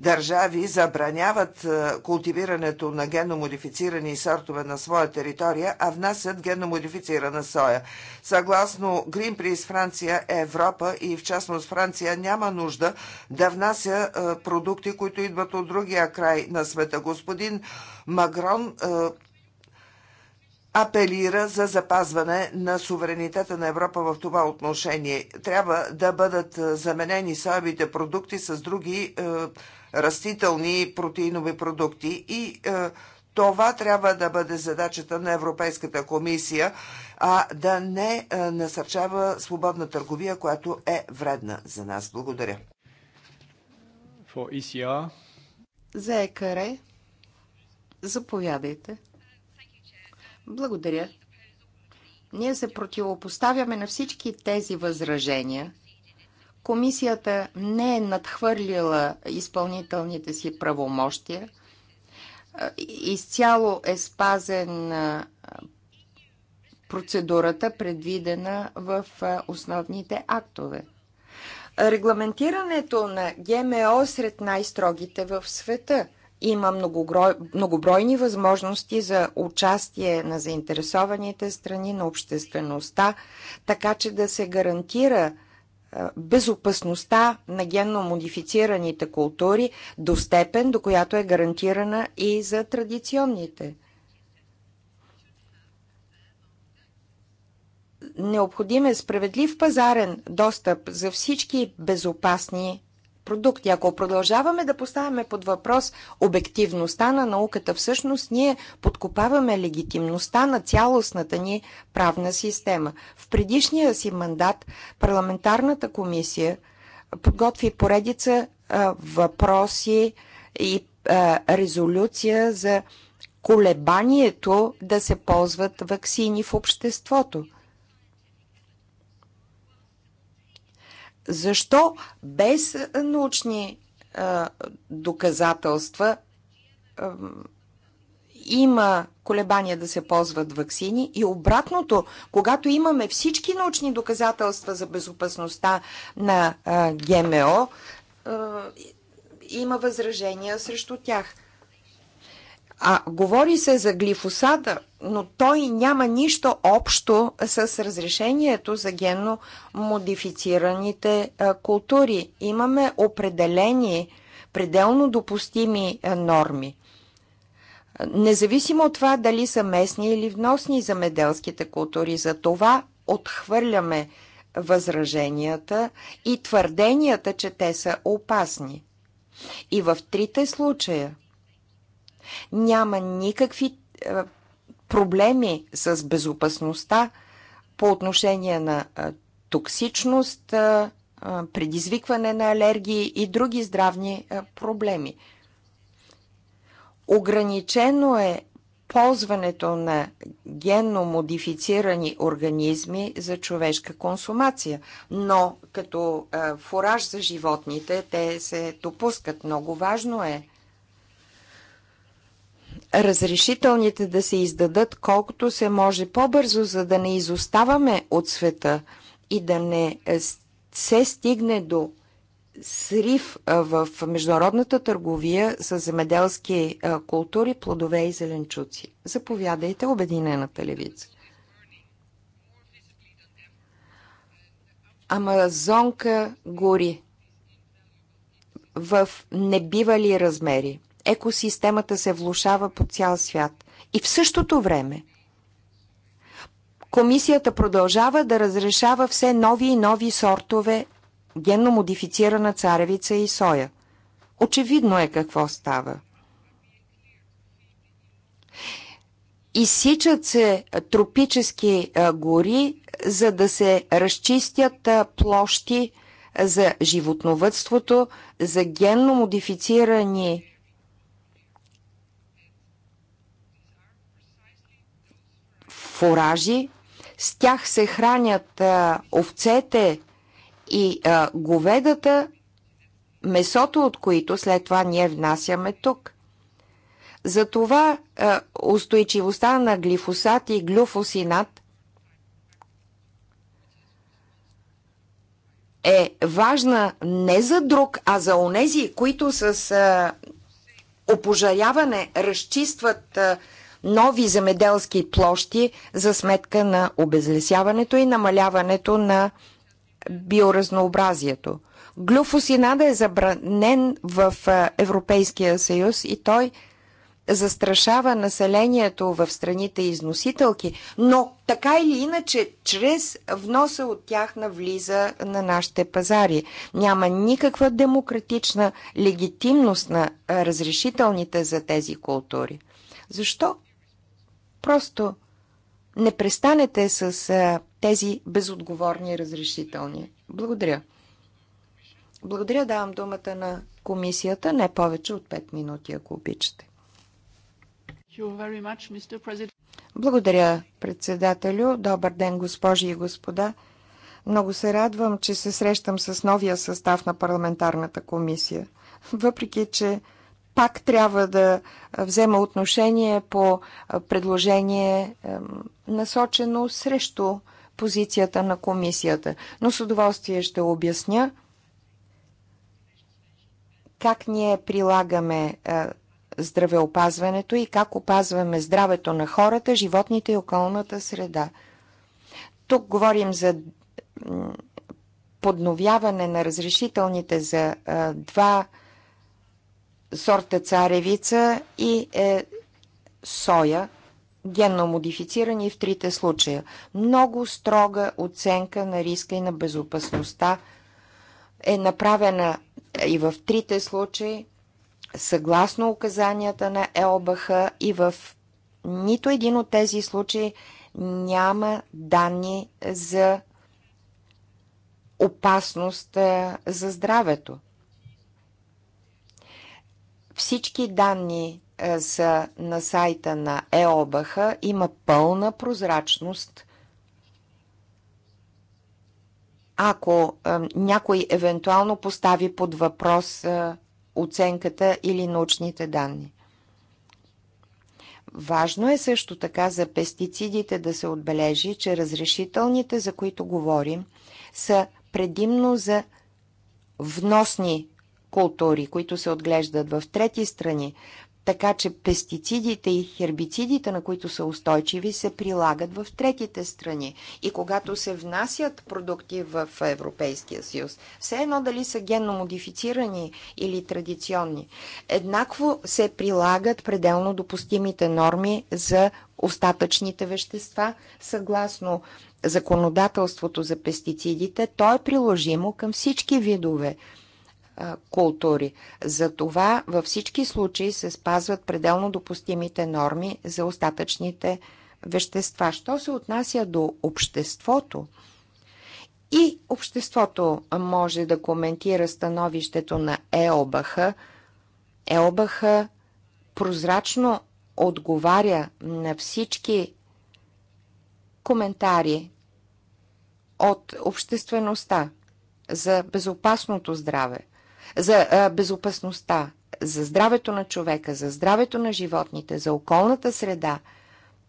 Speaker 3: държави забраняват е, култивирането на геномодифицирани сортове на своя територия, а внасят геномодифицирана соя. Съгласно Greenpeace Франция, Европа и в частност Франция няма нужда да внася е, продукти, които идват от другия край на света. Господин Магрон е, апелира за запазване на суверенитета на Европа в това отношение. Трябва да бъдат заменени соевите продукти с други продукти, растителни протеинови продукти и е, това трябва да бъде задачата на Европейската комисия, а да не е, насърчава свободна търговия, която е вредна за нас. Благодаря. E
Speaker 2: за ЕКР, заповядайте. Благодаря. Ние се противопоставяме на всички тези възражения, Комисията не е надхвърлила изпълнителните си правомощия. Изцяло е спазен процедурата, предвидена в основните актове. Регламентирането на ГМО сред най-строгите в света има многобройни възможности за участие на заинтересованите страни на обществеността, така че да се гарантира е, безопасността на генно модифицираните култури до степен, до която е гарантирана и за традиционните. Необходим е справедлив пазарен достъп за всички безопасни продукти. Ако продължаваме да поставяме под въпрос обективността на науката, всъщност ние подкопаваме легитимността на цялостната ни правна система. В предишния си мандат парламентарната комисия подготви поредица а, въпроси и а, резолюция за колебанието да се ползват ваксини в обществото – защо без научни а, доказателства а, има колебания да се ползват вакцини и обратното, когато имаме всички научни доказателства за безопасността на а, ГМО, а, има възражения срещу тях. А говори се за глифосада, но той няма нищо общо с разрешението за генно модифицираните култури. Имаме определени, пределно допустими норми. Независимо от това дали са местни или вносни за меделските култури, за това отхвърляме възраженията и твърденията, че те са опасни. И в трите случая няма никакви е, проблеми с безопасността по отношение на е, токсичност, е, предизвикване на алергии и други здравни проблеми. Ограничено е ползването на генно модифицирани организми за човешка консумация, но като фураж за животните те се допускат. Много важно е разрешителните да се издадат колкото се може по-бързо, за да не изоставаме от света и да не е, се стигне до срив е, в международната търговия с земеделски е, култури, плодове и зеленчуци. Заповядайте, Обединената левица. Амазонка гори в небивали размери екосистемата се влушава по цял свят. И в същото време комисията продължава да разрешава все нови и нови сортове генно модифицирана царевица и соя. Очевидно е какво става. Изсичат се тропически гори, за да се разчистят площи за животновътството, за генно модифицирани фуражи. С тях се хранят а, овцете и а, говедата, месото от които след това ние внасяме тук. Затова а, устойчивостта на глифосат и глюфосинат е важна не за друг, а за онези, които с а, опожаряване разчистват а, нови земеделски площи за сметка на обезлесяването и намаляването на биоразнообразието. Глюфосинада е забранен в Европейския съюз и той застрашава населението в страните износителки, но така или иначе, чрез вноса от тях навлиза на нашите пазари. Няма никаква демократична легитимност на разрешителните за тези култури. Защо Просто не престанете с а, тези безотговорни разрешителни. Благодаря. Благодаря, давам думата на комисията, не повече от 5 минути, ако обичате. Благодаря, председателю. Добър ден, госпожи и господа. Много се радвам, че се срещам с новия състав на парламентарната комисия. Въпреки, че пак трябва да взема отношение по предложение насочено срещу позицията на комисията. Но с удоволствие ще обясня как ние прилагаме е, здравеопазването и как опазваме здравето на хората, животните и околната среда. Тук говорим за подновяване на разрешителните за два сорта царевица и е, соя, генно модифицирани в трите случая. Много строга оценка на риска и на безопасността е направена е, и в трите случаи, съгласно указанията на ЕОБХ и в нито един от тези случаи няма данни за опасност е, за здравето. Всички данни е, са на сайта на ЕОБХ. Има пълна прозрачност. Ако е, някой евентуално постави под въпрос е, оценката или научните данни. Важно е също така за пестицидите да се отбележи, че разрешителните, за които говорим, са предимно за вносни култури, които се отглеждат в трети страни, така че пестицидите и хербицидите, на които са устойчиви, се прилагат в третите страни. И когато се внасят продукти в Европейския съюз, все едно дали са генно модифицирани или традиционни, еднакво се прилагат пределно допустимите норми за остатъчните вещества, съгласно законодателството за пестицидите, то е приложимо към всички видове култури. Затова във всички случаи се спазват пределно допустимите норми за остатъчните вещества. Що се отнася до обществото, и обществото може да коментира становището на ЕОБХ. ЕОБХ прозрачно отговаря на всички коментари от обществеността за безопасното здраве за безопасността, за здравето на човека, за здравето на животните, за околната среда,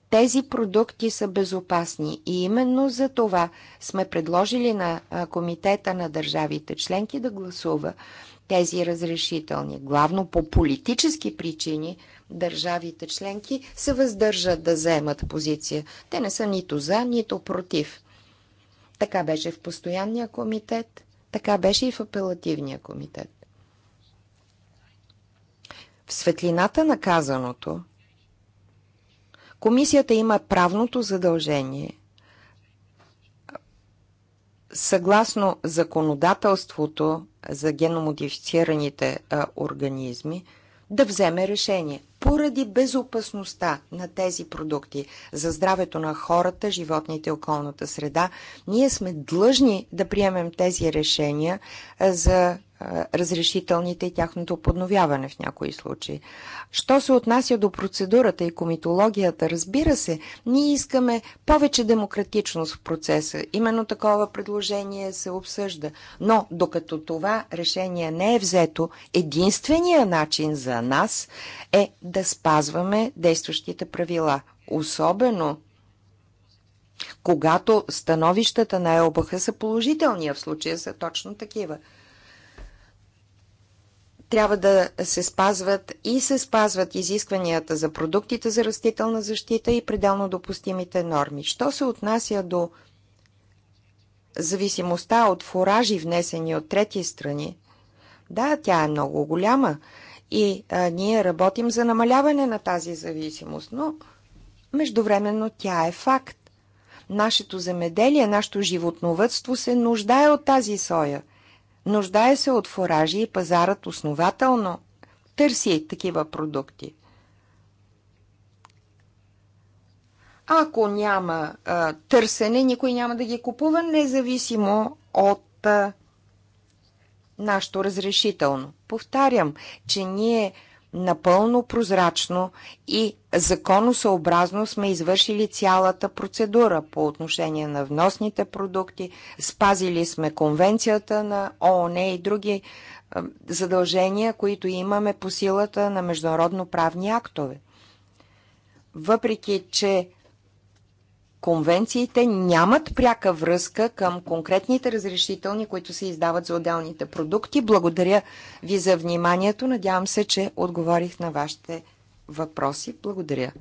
Speaker 2: тези продукти са безопасни и именно за това сме предложили на Комитета на държавите членки да гласува тези разрешителни. Главно по политически причини държавите членки се въздържат да вземат позиция. Те не са нито за, нито против. Така беше в постоянния комитет така беше и в апелативния комитет. В светлината на казаното, комисията има правното задължение съгласно законодателството за геномодифицираните организми да вземе решение поради безопасността на тези продукти за здравето на хората, животните и околната среда, ние сме длъжни да приемем тези решения за разрешителните и тяхното подновяване в някои случаи. Що се отнася до процедурата и комитологията, разбира се, ние искаме повече демократичност в процеса. Именно такова предложение се обсъжда. Но докато това решение не е взето, единствения начин за нас е да спазваме действащите правила. Особено когато становищата на ЕОБХ са положителни, а в случая са точно такива – трябва да се спазват и се спазват изискванията за продуктите за растителна защита и пределно допустимите норми. Що се отнася до зависимостта от фуражи, внесени от трети страни, да, тя е много голяма и а, ние работим за намаляване на тази зависимост, но междувременно тя е факт. Нашето земеделие, нашето животновътство се нуждае от тази соя – нуждае се от фуражи и пазарът основателно търси такива продукти. Ако няма а, търсене, никой няма да ги купува, независимо от а, нашото разрешително. Повтарям, че ние напълно прозрачно и законосъобразно сме извършили цялата процедура по отношение на вносните продукти, спазили сме конвенцията на ООН и други е, задължения, които имаме по силата на международно правни актове. Въпреки, че конвенциите нямат пряка връзка към конкретните разрешителни, които се издават за отделните продукти. Благодаря ви за вниманието. Надявам се, че отговорих на вашите въпроси.
Speaker 1: Благодаря.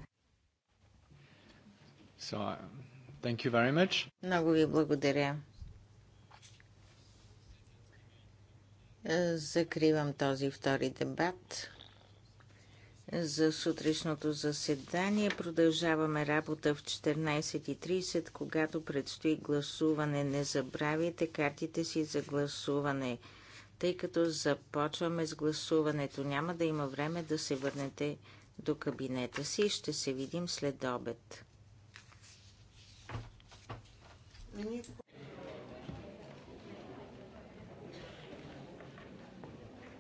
Speaker 1: So, thank you very much. Много ви благодаря. Закривам този втори дебат за сутрешното заседание. Продължаваме работа в 14.30, когато предстои гласуване. Не забравяйте картите си за гласуване, тъй като започваме с гласуването. Няма да има време да се върнете до кабинета си. Ще се видим след обед.